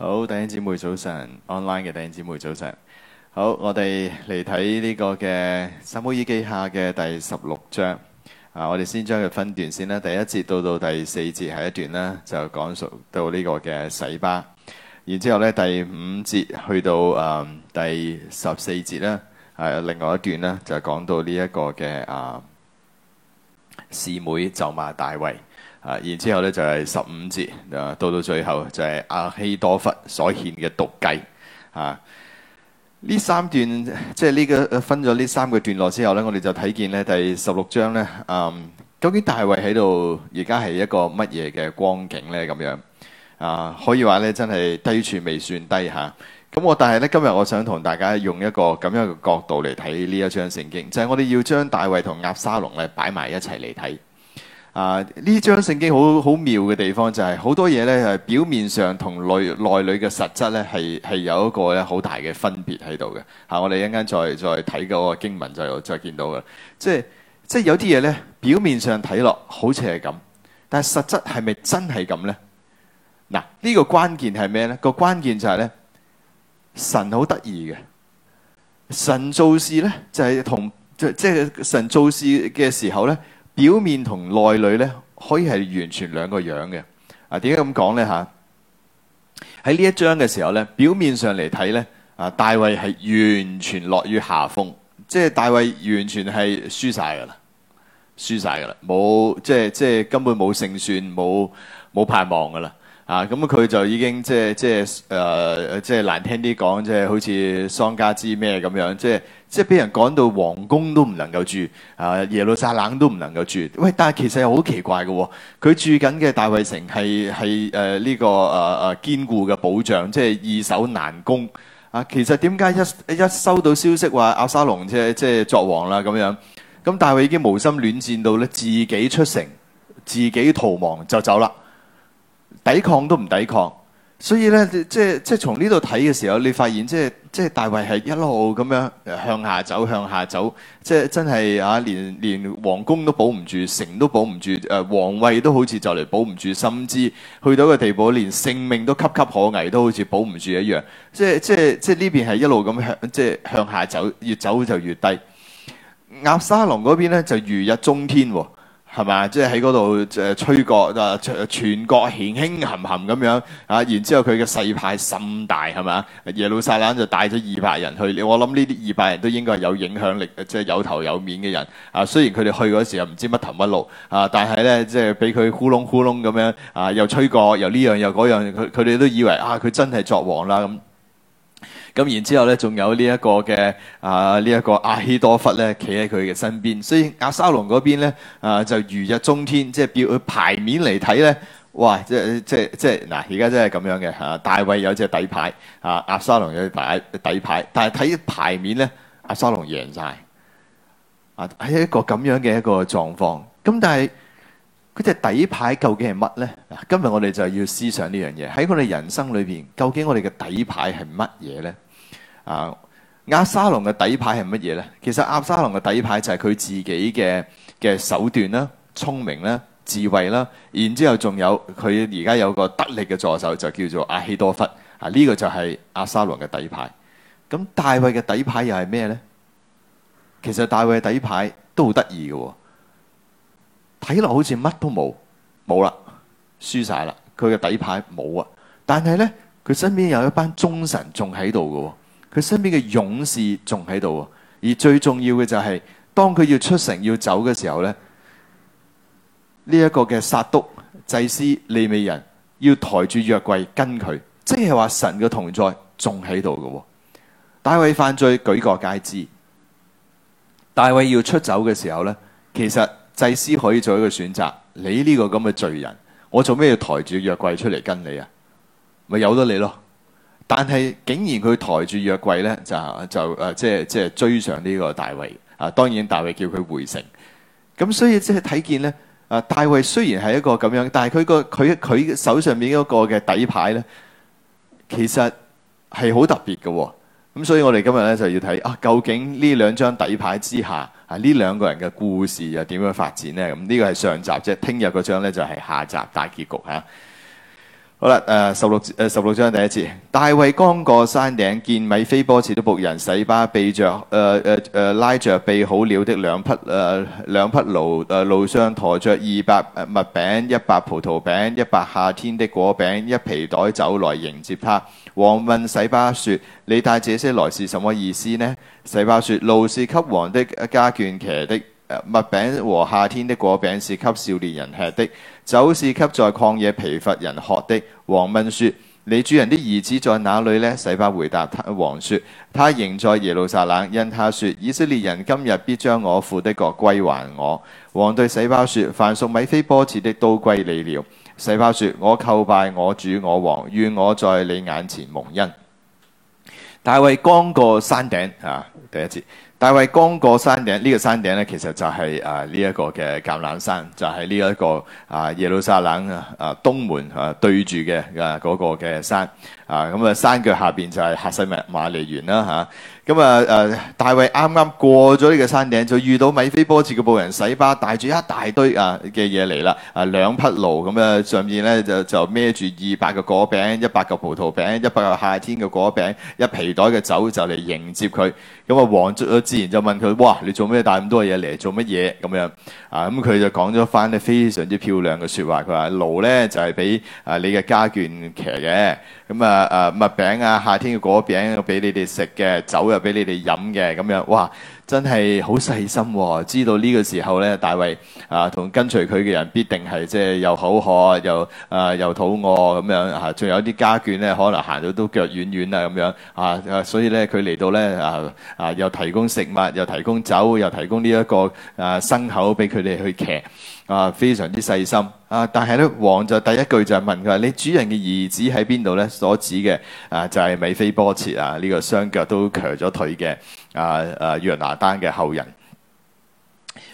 好，弟兄姊妹早晨，online 嘅弟兄姊妹早晨。好，我哋嚟睇呢個嘅撒母耳記下嘅第十六章。啊，我哋先將佢分段先啦。第一節到到第四節係一段啦，就講述到呢個嘅洗巴。然之後咧，第五節去到誒、呃、第十四節啦。係、啊、另外一段咧，就講到呢一個嘅啊，示、呃、每咒罵大衛。啊！然之後呢，就係十五節啊，到到最後就係亞希多弗所獻嘅毒計啊！呢三段，即係呢個分咗呢三個段落之後呢，我哋就睇見呢第十六章呢，嗯，究竟大衛喺度而家係一個乜嘢嘅光景呢？咁樣啊，可以話呢，真係低處未算低嚇。咁、啊、我但係呢，今日我想同大家用一個咁樣嘅角度嚟睇呢一章聖經，就係我哋要將大衛同押沙龍呢擺埋一齊嚟睇。啊！呢章聖經好好妙嘅地方就係好多嘢呢，係表面上同內內裏嘅實質呢，係係有一個咧好大嘅分別喺度嘅。吓，我哋一陣間再再睇嗰個經文就再見到嘅。即係即係有啲嘢呢，表面上睇落，啊、好似係咁，但係實質係咪真係咁呢？嗱、啊、呢、呢個關鍵係咩呢？個關鍵就係呢：神好得意嘅，神做事呢，就係、是、同即係、就是、神做事嘅時候呢。表面同內裏咧，可以係完全兩個樣嘅。啊，點解咁講咧？吓，喺呢一章嘅時候咧，表面上嚟睇咧，啊，大衛係完全落於下風，即係大衛完全係輸晒噶啦，輸晒噶啦，冇即係即係根本冇勝算，冇冇盼望噶啦。啊，咁佢就已經即係即係誒，即係難聽啲講，即係好似喪家之咩咁樣，即係。即係俾人趕到皇宮都唔能夠住，啊耶路撒冷都唔能夠住。喂，但係其實又好奇怪嘅、哦，佢住緊嘅大衛城係係誒呢個誒誒、呃、堅固嘅保障，即係易守難攻。啊，其實點解一一收到消息話押沙龍即係、即係、作王啦咁樣？咁大衛已經無心戀戰到咧，自己出城，自己逃亡就走啦，抵抗都唔抵抗。所以咧，即係即係從呢度睇嘅時候，你發現即係即係大衛係一路咁樣向下走，向下走，即係真係啊！連連王宮都保唔住，城都保唔住，誒、呃、王位都好似就嚟保唔住，甚至去到一個地步，連性命都岌岌可危，都好似保唔住一樣。即係即係即係呢邊係一路咁向，即係向下走，越走就越低。押沙龍嗰邊咧就如日中天喎、哦。係嘛？即係喺嗰度誒吹角，就、啊、全國輕輕冚冚咁樣啊！然之後佢嘅勢派甚大係嘛？耶路撒冷就帶咗二百人去，我諗呢啲二百人都應該係有影響力，即係有頭有面嘅人啊。雖然佢哋去嗰時又唔知乜頭乜路啊，但係咧即係俾佢呼隆呼隆咁樣啊，又吹角，又呢樣又嗰樣，佢佢哋都以為啊，佢真係作王啦咁。嗯咁然之後咧，仲有呢一個嘅啊，呢、這、一個亞希多弗咧，企喺佢嘅身邊。所以亞沙龍嗰邊咧，啊就如日中天。即係表佢牌面嚟睇咧，哇！即即即嗱，而家真係咁樣嘅嚇、啊。大衛有隻底牌，啊亞沙龍有底底牌，但係睇牌面咧，亞沙龍贏晒。啊，喺一個咁樣嘅一個狀況。咁但係嗰隻底牌究竟係乜咧？嗱，今日我哋就要思想呢樣嘢喺我哋人生裏邊，究竟我哋嘅底牌係乜嘢咧？啊！押沙龍嘅底牌係乜嘢呢？其實押沙龍嘅底牌就係佢自己嘅嘅手段啦、聰明啦、智慧啦，然之後仲有佢而家有個得力嘅助手，就叫做亞希多弗。啊，呢、這個就係押沙龍嘅底牌。咁大衛嘅底牌又係咩呢？其實大衛嘅底牌都、哦、好得意嘅喎，睇落好似乜都冇冇啦，輸晒啦，佢嘅底牌冇啊。但係呢，佢身邊有一班忠臣仲喺度嘅喎。佢身邊嘅勇士仲喺度，而最重要嘅就係當佢要出城要走嘅時候呢，呢一個嘅撒督祭司利未人要抬住約櫃跟佢，即係話神嘅同在仲喺度嘅。大衛犯罪舉國皆知，大衛要出走嘅時候呢，其實祭司可以做一個選擇：你呢個咁嘅罪人，我做咩要抬住約櫃出嚟跟你啊？咪由得你咯。但係竟然佢抬住約櫃咧，就就誒、呃、即係即係追上呢個大衛啊！當然大衛叫佢回城。咁所以即係睇見咧，啊大衛雖然係一個咁樣，但係佢個佢佢手上面嗰個嘅底牌咧，其實係好特別嘅、哦。咁所以我哋今日咧就要睇啊，究竟呢兩張底牌之下，啊呢兩個人嘅故事又點樣發展咧？咁、嗯、呢、這個係上集即啫，聽日嗰張咧就係、是、下集大結局嚇。啊好啦，誒、呃、十六誒、呃、十六章第一節， 大衛剛過山頂，見米非波設的僕人洗巴，備、呃、着，誒誒誒拉着備好了的兩匹誒、呃、兩匹驢誒驢上馱着二百麥餅、一百葡萄餅、一百夏天的果餅，一皮袋酒來迎接他。王問洗巴說：你帶這些來是什麼意思呢？洗巴說：驢是給王的家眷騎的。麥餅和夏天的果餅是給少年人吃的，酒是給在曠野疲乏人喝的。王問說：你主人的兒子在哪裡呢？洗巴回答他：他王說，他仍在耶路撒冷，因他說以色列人今日必將我父的國歸還我。王對洗巴說：凡屬米非波設的都歸你了。洗巴說我叩拜我主我王，願我在你眼前蒙恩。大衛剛過山頂啊，第一節。大衛剛過山頂，呢、這個山頂咧其實就係啊呢一個嘅橄欖山，就係呢一個啊、呃、耶路撒冷啊啊東門啊對住嘅啊嗰個嘅山啊，咁啊山腳下邊就係哈西馬利園啦嚇，咁啊誒、呃、大衛啱啱過咗呢個山頂，就遇到米非波設嘅僕人洗巴帶住一大堆啊嘅嘢嚟啦，啊兩匹驢，咁啊上面咧就就孭住二百個果餅、一百個葡萄餅、一百個夏天嘅果餅、一皮袋嘅酒就嚟迎接佢，咁啊王啊！自然就問佢：哇！你做咩帶咁多嘢嚟做乜嘢？咁樣啊，咁、嗯、佢就講咗翻咧非常之漂亮嘅説話。佢話：驢咧就係俾啊你嘅家眷騎嘅，咁、嗯、啊誒麥餅啊，夏天嘅果餅俾你哋食嘅，酒又俾你哋飲嘅，咁樣哇！真係好細心哦，知道呢個時候咧，大衛啊，同跟隨佢嘅人必定係即係又口渴，又啊又肚餓咁樣啊，仲有啲家眷咧，可能行到都腳軟軟啊咁樣啊，所以咧佢嚟到咧啊啊，又提供食物，又提供酒，又提供呢一個啊牲口俾佢哋去騎啊，非常之細心啊！但係咧王就第一句就問佢話：你主人嘅兒子喺邊度咧？所指嘅啊就係米非波設啊，呢個雙腳都瘸咗腿嘅。啊啊約拿單嘅後人，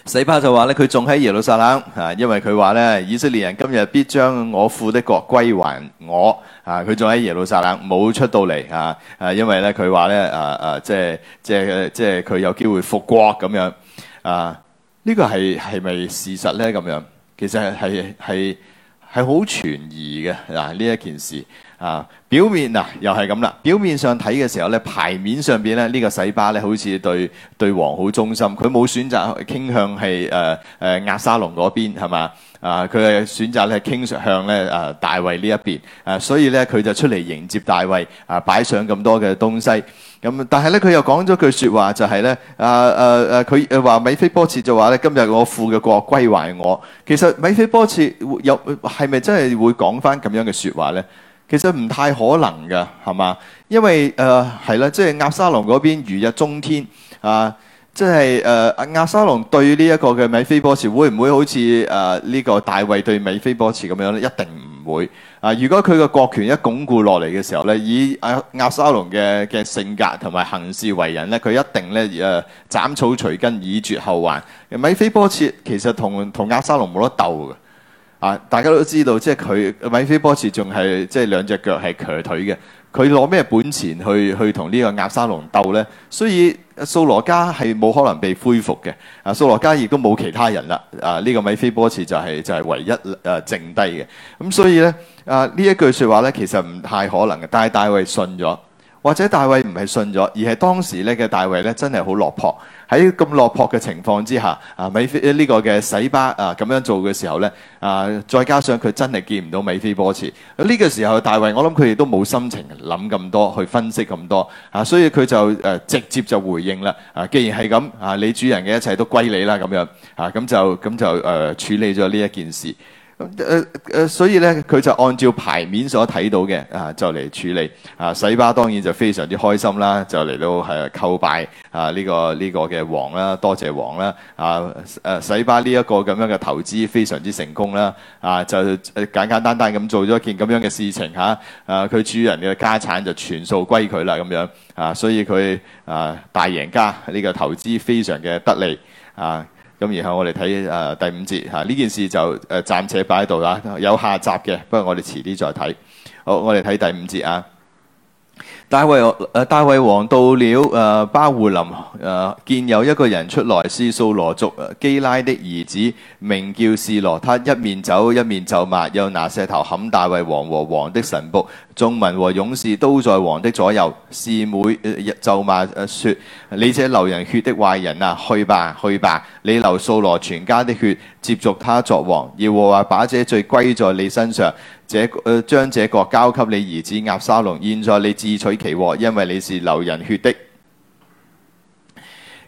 洗巴就話咧佢仲喺耶路撒冷啊，因為佢話咧以色列人今日必將我父的國歸還我啊，佢仲喺耶路撒冷冇出到嚟啊啊，因為咧佢話咧啊啊即係即係即係佢有機會復國咁樣啊，呢、啊啊這個係係咪事實咧咁樣？其實係係係好存疑嘅嗱呢一件事。啊！表面啊，又係咁啦。表面上睇嘅時候咧，牌面上邊咧呢、這個洗巴咧，好似對對王好忠心，佢冇選擇傾向係誒誒押沙龍嗰邊係嘛啊？佢係選擇咧傾向咧誒、呃、大衛呢一邊啊，所以咧佢就出嚟迎接大衛啊，擺上咁多嘅東西咁、嗯。但係咧，佢又講咗句説話就呢，呃呃、說就係咧啊誒誒，佢話米非波設就話咧，今日我父嘅國歸還我。其實米非波設有係咪真係會講翻咁樣嘅説話咧？其實唔太可能嘅，係嘛？因為誒係、呃、啦，即係押沙龍嗰邊如日中天啊、呃！即係誒押沙龍對呢一個嘅米非波設會唔會好似誒呢個大衛對米非波設咁樣咧？一定唔會啊、呃！如果佢個國權一鞏固落嚟嘅時候咧，以亞押沙龍嘅嘅性格同埋行事為人咧，佢一定咧誒、呃、斬草除根，以絕後患。米非波設其實同同押沙龍冇得鬥嘅。啊！大家都知道，即係佢米菲波茨仲係即係兩隻腳係瘸腿嘅。佢攞咩本錢去去同呢個押沙龍鬥呢？所以掃羅家係冇可能被恢復嘅。啊，掃羅家亦都冇其他人啦。啊，呢、這個米菲波茨就係、是、就係、是、唯一誒、啊、剩低嘅。咁、啊、所以呢，啊呢一句説話呢，其實唔太可能嘅。但係大衛信咗，或者大衛唔係信咗，而係當時呢嘅大衛呢，真係好落魄。喺咁落魄嘅情況之下，呢個、啊，米非呢個嘅洗巴啊咁樣做嘅時候咧，啊，再加上佢真係見唔到米非波設，呢、呢個時候大衛，我諗佢哋都冇心情諗咁多，去分析咁多，啊，所以佢就誒、啊、直接就回應啦，啊，既然係咁，啊，你主人嘅一切都歸你啦，咁樣，啊，咁就咁就誒處理咗呢一件事。咁誒、嗯呃呃、所以咧，佢就按照牌面所睇到嘅啊，就嚟處理啊。洗巴當然就非常之開心啦，就嚟到誒叩、啊、拜啊呢、呢個呢、呢個嘅王啦，多謝王啦啊！誒洗巴呢一個咁樣嘅投資非常之成功啦啊，就簡簡單單咁做咗一件咁樣嘅事情嚇。誒、啊、佢主人嘅家產就全數歸佢啦咁樣啊，所以佢啊大贏家呢、呢個投資非常嘅得利啊。咁然後我哋睇、呃、第五節嚇，呢、啊、件事就誒暫、呃、且擺喺度啦，有下集嘅，不過我哋遲啲再睇。好，我哋睇第五節啊。大衛，誒大衛王到了誒、呃、巴胡林，誒、呃、見有一個人出來是掃羅族基拉的兒子，名叫示羅。他一面走一面咒罵，又拿石頭冚大衛王和王的神僕。眾民和勇士都在王的左右。示每誒咒罵説：你這流人血的壞人啊，去吧，去吧，你流掃羅全家的血。接續他作王，耶和華把這罪歸在你身上，這誒將、呃、這個交給你兒子押沙龍。現在你自取其禍，因為你是流人血的。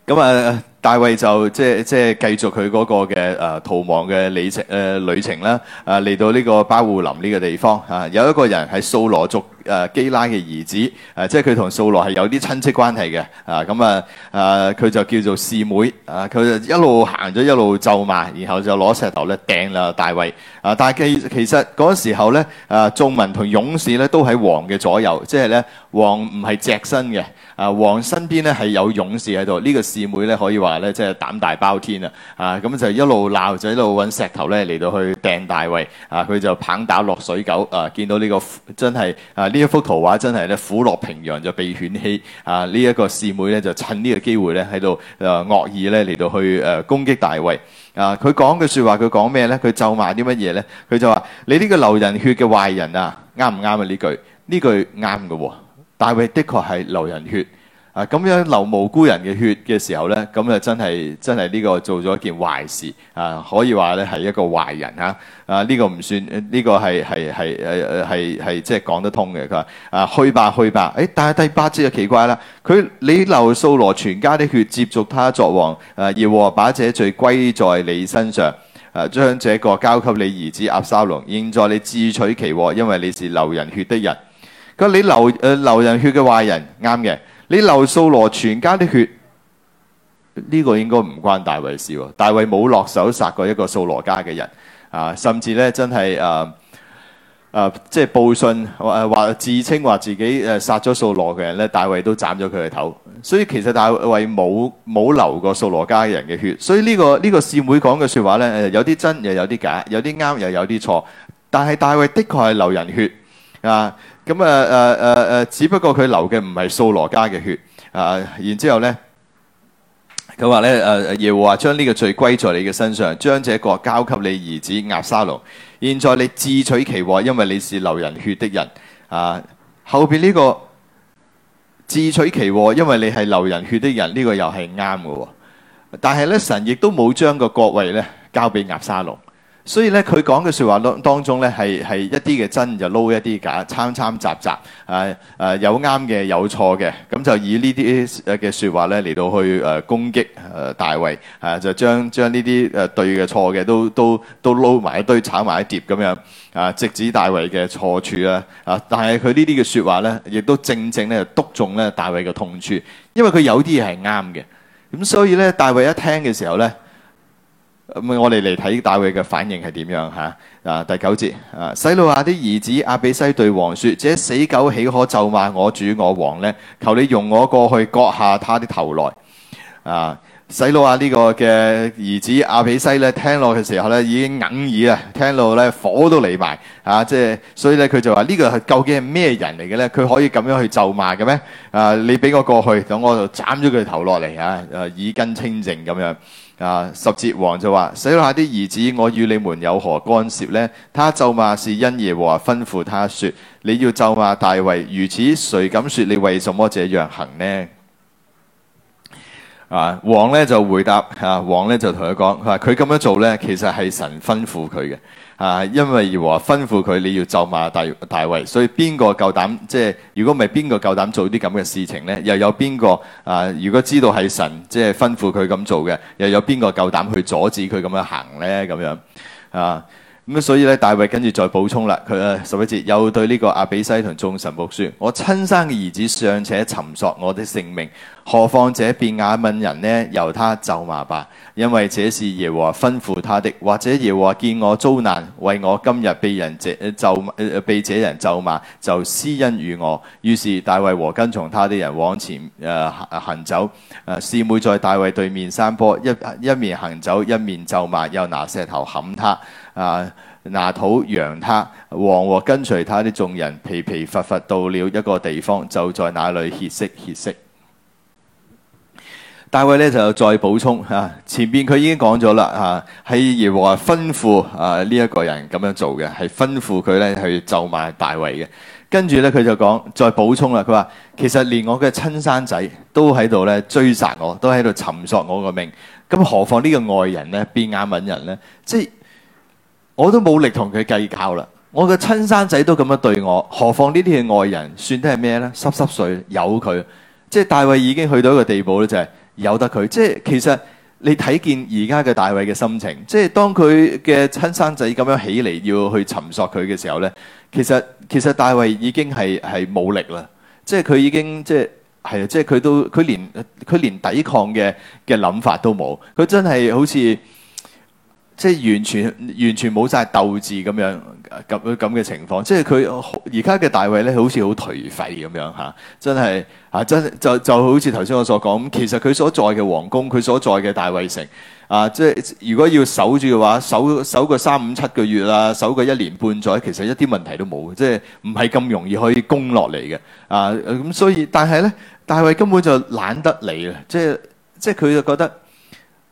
咁啊！大衛就即係即係繼續佢個嘅誒、呃、逃亡嘅里程，誒旅程啦，誒、呃、嚟到呢個巴戶琳呢個地方啊，有一個人係掃羅族誒、呃、基拉嘅兒子，誒、啊、即係佢同掃羅係有啲親戚關係嘅，啊咁啊誒佢、啊、就叫做示每，啊佢就一路行咗一路咒罵，然後就攞石頭咧掟啦大衛啊但係其實嗰時候咧，誒、啊、眾民同勇士咧都喺王嘅左右，即係咧王唔係隻身嘅，啊王身邊咧係有勇士喺度，這個、呢個示每咧可以話。話咧即係膽大包天啊！啊咁就一路鬧就一路揾石頭咧嚟到去掟大衛啊！佢就棒打落水狗啊！見到呢、這個真係啊呢一幅圖畫真係咧虎落平陽就被犬欺。啊！呢、這、一個示每咧就趁呢個機會咧喺度誒惡意咧嚟到去誒、呃、攻擊大衛啊！佢講嘅說句話佢講咩咧？佢咒罵啲乜嘢咧？佢就話你呢個流人血嘅壞人啊！啱唔啱啊？呢句呢句啱嘅、啊，大衛的確係流人血。啊！咁樣流無辜人嘅血嘅時候呢，咁啊真係真係呢個做咗一件壞事啊，可以話呢係一個壞人嚇啊。呢、啊這個唔算呢、啊這個係係係係係即係講得通嘅。佢話啊去吧去吧。誒、哎，但係第八節就奇怪啦。佢你流掃羅全家的血，接續他作王啊，而王把這罪歸在你身上啊，將這個交給你兒子押沙龍，現在你自取其禍，因為你是流人血的人。佢話你流誒流人血嘅壞人啱嘅。你流掃羅全家的血，呢、這個應該唔關大衛事。大衛冇落手殺過一個掃羅家嘅人啊，甚至咧真係誒誒，即係報信誒話自稱話自己誒殺咗掃羅嘅人咧，大衛都斬咗佢嘅頭。所以其實大衛冇冇流過掃羅家嘅人嘅血。所以、這個這個、呢個呢個示每講嘅說話咧，有啲真又有啲假，有啲啱又有啲錯。但係大衛的確係流人血啊。咁啊誒誒誒，只不過佢流嘅唔係掃羅家嘅血啊、呃，然之後咧，佢話咧誒耶和華將呢個罪歸在你嘅身上，將這國交給你兒子押沙龍。現在你自取其禍，因為你是流人血的人啊。後邊呢、這個自取其禍，因為你係流人血的人，呢、這個又係啱嘅。但係咧神亦都冇將個國位咧交俾押沙龍。所以咧，佢講嘅説話當當中咧，係係一啲嘅真就撈一啲假，參參雜雜，誒、啊、誒有啱嘅有錯嘅，咁、嗯、就以呢啲誒嘅説話咧嚟到去誒、呃、攻擊誒大衛，誒、啊、就將將呢啲誒對嘅錯嘅都都都撈埋一堆炒埋一碟咁樣，啊，直指大衛嘅錯處啊，啊，但係佢呢啲嘅説話咧，亦都正正咧篤中咧大衛嘅痛處，因為佢有啲嘢係啱嘅，咁所以咧大衛一聽嘅時候咧。咁、嗯、我哋嚟睇大衛嘅反應係點樣嚇？嗱、啊、第九節，啊，洗魯亞啲兒子亞比西對王説：這死狗豈可咒罵我主我王呢？求你容我過去割下他的頭來。啊，洗魯亞呢個嘅兒子亞比西咧，聽落嘅時候咧已經哽耳啦，聽落咧火都嚟埋啊！即係所以咧，佢就話：呢、呢個係究竟係咩人嚟嘅咧？佢可以咁樣去咒罵嘅咩？啊，你俾我過去，等我斬咗佢頭落嚟啊！耳根清淨咁樣。啊！十子王就話：，死羅亞洗羅亞的兒子，我與你們有何干涉呢？」他咒罵是因耶和華吩咐他説：，你要咒罵大衛，如此，誰敢説你為什麼這樣行呢？啊，王咧就回答啊，王咧就同佢講，佢話佢咁樣做咧，其實係神吩咐佢嘅啊，因為耶和華吩咐佢，你要咒罵大大衛，所以邊個夠膽即係如果唔係邊個夠膽做啲咁嘅事情咧？又有邊個啊？如果知道係神即係吩咐佢咁做嘅，又有邊個夠膽去阻止佢咁樣行咧？咁樣啊？咁所以咧，大衛跟住再補充啦。佢啊，十一節又對呢個亞比篩同眾神僕說： 我親生嘅兒子尚且尋索我的性命，何況這便雅憫人呢？由他咒罵吧，因為這是耶和華吩咐他的。或者耶和華見我遭難，為我今日被人咒、呃、被這人咒罵，就施恩與我。於是大衛和跟從他的人往前誒、呃、行走。誒、呃，示每在大衛對面山坡一一面行走一面咒罵，又拿石頭砍他。啊！拿土，揚他王和跟隨他的眾人疲疲乏乏到了一個地方，就在那裏歇息歇息。大衛咧就再補充吓、啊，前邊佢已經講咗啦吓，係、啊、耶和華吩咐啊呢一、這個人咁樣做嘅，係吩咐佢咧去咒罵大衛嘅。跟住咧佢就講再補充啦，佢話其實連我嘅親生仔都喺度咧追殺我，都喺度尋索我個命，咁何況呢個外人咧變眼揾人呢？即係。我都冇力同佢計較啦，我嘅親生仔都咁樣對我，何況呢啲嘅外人？算得係咩呢？濕濕碎，由佢。即係大衛已經去到一個地步咧，就係由得佢。即係其實你睇見而家嘅大衛嘅心情，即係當佢嘅親生仔咁樣起嚟要去尋索佢嘅時候呢，其實其實大衛已經係係冇力啦。即係佢已經即係係啊，即係佢都佢連佢連抵抗嘅嘅諗法都冇，佢真係好似～即係完全完全冇晒鬥志咁樣咁咁嘅情況，即係佢而家嘅大衛咧，好似好頹廢咁樣嚇，真係啊真係就就好似頭先我所講咁，其實佢所在嘅皇宮，佢所在嘅大衛城啊，即係如果要守住嘅話，守守個三五七個月啊，守個一年半載，其實一啲問題都冇，即係唔係咁容易可以攻落嚟嘅啊咁。所以但係咧，大衛根本就懶得理啊！即係即係佢就覺得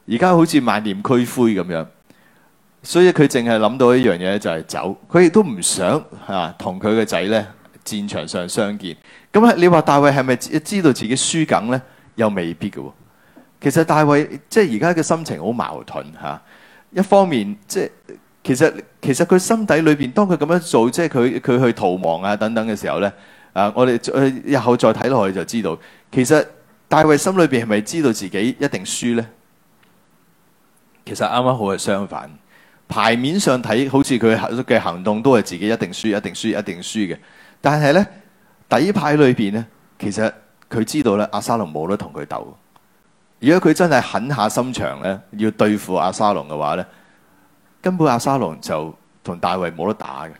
而家好似萬念俱灰咁樣。所以佢淨係諗到一樣嘢，就係、是、走。佢亦都唔想嚇同佢個仔呢戰場上相見。咁你話大衛係咪知道自己輸緊呢？又未必嘅。其實大衛即係而家嘅心情好矛盾嚇、啊。一方面即係、就是、其實其實佢心底裏邊，當佢咁樣做，即係佢佢去逃亡啊等等嘅時候呢，啊，我哋日後再睇落去就知道，其實大衛心裏邊係咪知道自己一定輸呢？其實啱啱好係相反。牌面上睇好似佢嘅行動都係自己一定輸、一定輸、一定輸嘅，但係呢底牌裏邊呢，其實佢知道咧，押沙龍冇得同佢鬥。如果佢真係狠下心腸咧，要對付押沙龍嘅話呢，根本押沙龍就同大衛冇得打嘅。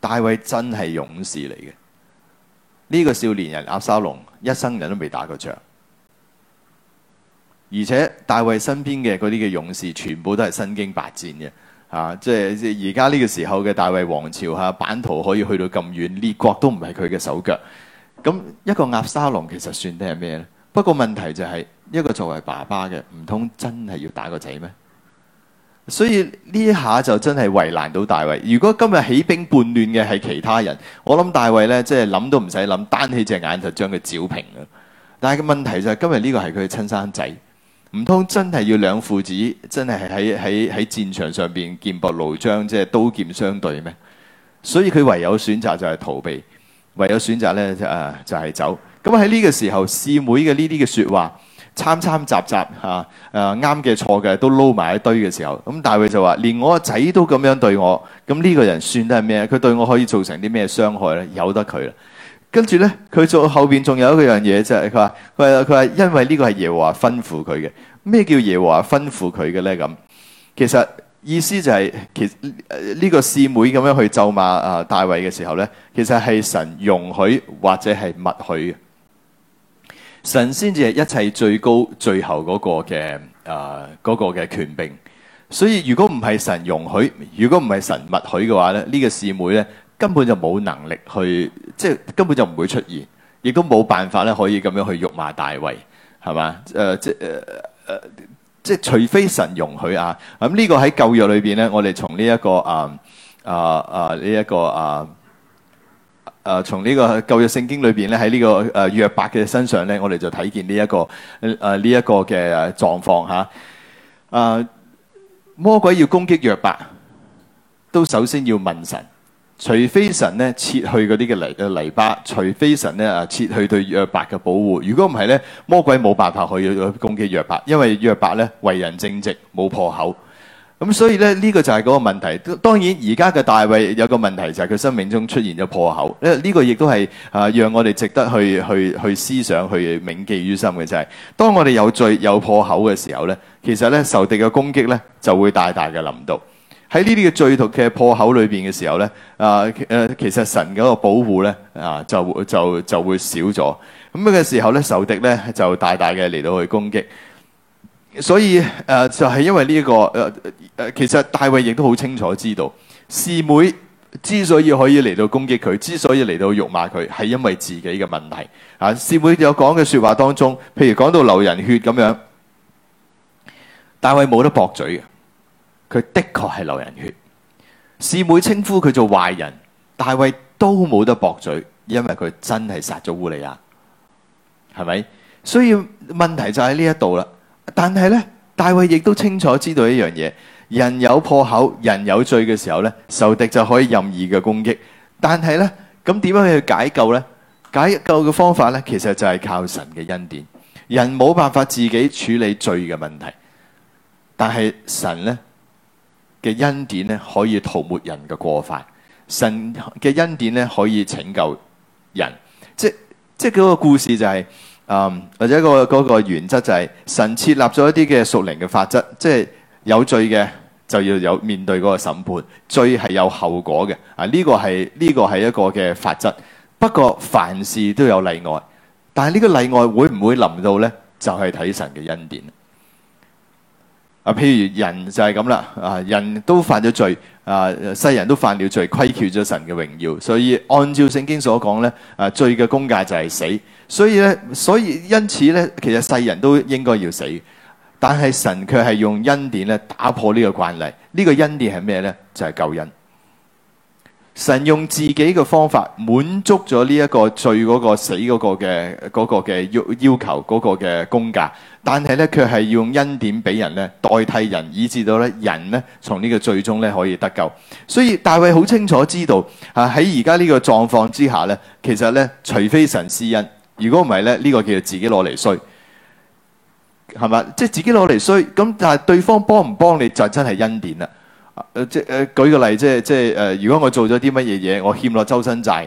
大衛真係勇士嚟嘅，呢、這個少年人押沙龍一生人都未打過仗，而且大衛身邊嘅嗰啲嘅勇士全部都係身經百戰嘅。啊，即係而家呢個時候嘅大衛王朝嚇，版圖可以去到咁遠，列國都唔係佢嘅手腳。咁一個鴨沙龍其實算得係咩呢？不過問題就係、是、一個作為爸爸嘅，唔通真係要打個仔咩？所以呢一下就真係為難到大衛。如果今日起兵叛亂嘅係其他人，我諗大衛呢，即係諗都唔使諗，單起隻眼就將佢剿平啦。但係個問題就係、是、今日呢個係佢嘅親生仔。唔通真係要兩父子真係喺喺喺戰場上邊劍拔弩張，即係刀劍相對咩？所以佢唯有選擇就係逃避，唯有選擇咧、呃、就誒就係走。咁喺呢個時候，示每嘅呢啲嘅說話參參雜雜吓誒，啱嘅錯嘅都撈埋一堆嘅時候，咁大衛就話：連我個仔都咁樣對我，咁呢個人算得係咩？佢對我可以造成啲咩傷害咧？由得佢啦。跟住呢，佢做後邊仲有一樣嘢，就係佢話佢話佢話，因為呢個係耶和華吩咐佢嘅。咩叫耶和華吩咐佢嘅呢？咁其實意思就係、是，其呢、呃這個侍妹咁樣去咒罵啊、呃、大衛嘅時候呢，其實係神容許或者係默許，神先至係一切最高最後嗰個嘅啊、呃那個嘅權柄。所以如果唔係神容許，如果唔係神默許嘅話呢，呢、這個侍妹呢。根本就冇能力去，即、就、係、是、根本就唔會出現，亦都冇辦法咧，可以咁樣去辱罵大衛，係嘛？誒、呃，即誒誒、呃，即係除非神容許啊。咁、這、呢個喺舊約裏邊咧，我哋從呢一個啊啊啊呢一、這個啊誒，從、啊、呢個舊約聖經裏邊咧，喺呢、這個誒約伯嘅身上咧，我哋就睇見呢一個誒呢一個嘅狀況吓。啊，魔鬼要攻擊約伯，都首先要問神。除非神咧撤去嗰啲嘅泥嘅泥巴，除非神咧啊撤去對約伯嘅保護。如果唔係咧，魔鬼冇辦法去攻擊約伯，因為約伯咧為人正直，冇破口。咁所以咧呢、這個就係嗰個問題。當然而家嘅大衛有個問題就係、是、佢生命中出現咗破口。呢個亦都係啊讓我哋值得去去去思想、去銘記於心嘅就係、是，當我哋有罪、有破口嘅時候咧，其實咧受敵嘅攻擊咧就會大大嘅臨到。喺呢啲嘅罪毒嘅破口裏邊嘅時候咧，啊，誒，其實神嗰個保護咧，啊，就就就，就會少咗。咁嘅時候咧，仇敵咧就大大嘅嚟到去攻擊。所以誒、啊，就係、是、因為呢、這、一個誒誒、啊，其實大衛亦都好清楚知道，示每之所以可以嚟到攻擊佢，之所以嚟到辱罵佢，係因為自己嘅問題。啊，示每有講嘅說話當中，譬如講到流人血咁樣，大衛冇得駁嘴嘅。佢的確係流人血，示每稱呼佢做壞人，大衛都冇得駁嘴，因為佢真係殺咗烏利亞，係咪？所以問題就喺呢一度啦。但係呢，大衛亦都清楚知道一樣嘢：人有破口，人有罪嘅時候呢，仇敵就可以任意嘅攻擊。但係呢，咁點樣去解救呢？解救嘅方法呢，其實就係靠神嘅恩典。人冇辦法自己處理罪嘅問題，但係神呢。嘅恩典咧可以塗抹人嘅過犯，神嘅恩典咧可以拯救人，即係即係嗰個故事就係、是，嗯、或者、那個嗰、那個原則就係、是、神設立咗一啲嘅屬靈嘅法則，即係有罪嘅就要有面對嗰個審判，罪係有後果嘅，啊呢、這個係呢、這個係一個嘅法則，不過凡事都有例外，但係呢個例外會唔會臨到呢？就係、是、睇神嘅恩典。啊，譬如人就係咁啦，啊人都犯咗罪，啊世人都犯了罪，虧欠咗神嘅榮耀，所以按照聖經所講咧，啊罪嘅工價就係死，所以咧，所以因此咧，其實世人都應該要死，但係神卻係用恩典咧打破呢個慣例，呢、呢個恩典係咩咧？就係、是、救恩。神用自己嘅方法滿足咗呢一個罪嗰個死嗰個嘅嗰個嘅要要求嗰個嘅工價，但係咧卻係要用恩典俾人咧代替人，以至到咧人咧從呢個罪中咧可以得救。所以大衛好清楚知道，吓喺而家呢個狀況之下咧，其實咧除非神施恩，如果唔係咧呢個叫做自己攞嚟衰，係嘛？即係自己攞嚟衰，咁但係對方幫唔幫你就真係恩典啦。誒，即係誒，舉個例，即係即係誒，如果我做咗啲乜嘢嘢，我欠落周身債，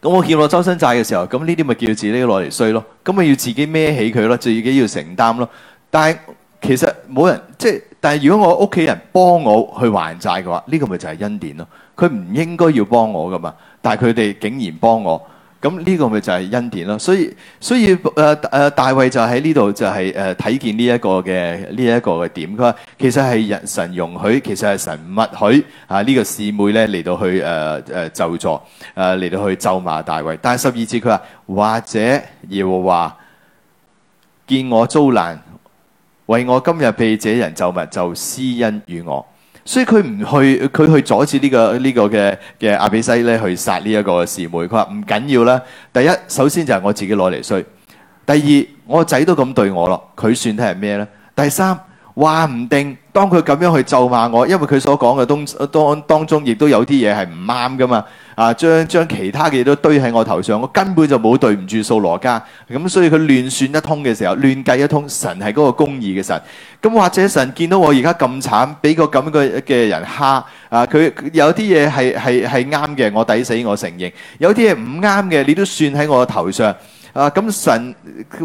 咁我欠落周身債嘅時候，咁呢啲咪叫自己攞嚟衰咯，咁咪要自己孭起佢咯，自己要承擔咯。但係其實冇人，即係但係如果我屋企人幫我去還債嘅話，呢個咪就係恩典咯。佢唔應該要幫我噶嘛，但係佢哋竟然幫我。咁呢個咪就係恩典咯，所以所以誒誒、呃、大衛就喺呢度就係誒睇見呢一個嘅呢一個嘅點，佢話其實係神容許，其實係神，神默許啊、這個、呢個示每咧嚟到去誒誒咒詛，誒、呃、嚟、呃呃、到去咒罵大衛。但係十二節佢話或者耶和華見我遭難，為我今日被這人咒罵，就施恩與我。所以佢唔去，佢去阻止呢、這個呢、這個嘅亞比篩咧去殺呢一個示每。佢話唔緊要啦。第一，首先就係我自己攞嚟衰。第二，我個仔都咁對我咯，佢算睇係咩呢？第三。話唔定，當佢咁樣去咒罵我，因為佢所講嘅東當當中，亦都有啲嘢係唔啱噶嘛。啊，將將其他嘅嘢都堆喺我頭上，我根本就冇對唔住掃羅家。咁、啊、所以佢亂算一通嘅時候，亂計一通，神係嗰個公義嘅神。咁、啊、或者神見到我而家咁慘，俾個咁嘅嘅人蝦。啊，佢有啲嘢係係係啱嘅，我抵死我承認；有啲嘢唔啱嘅，你都算喺我頭上。啊，咁神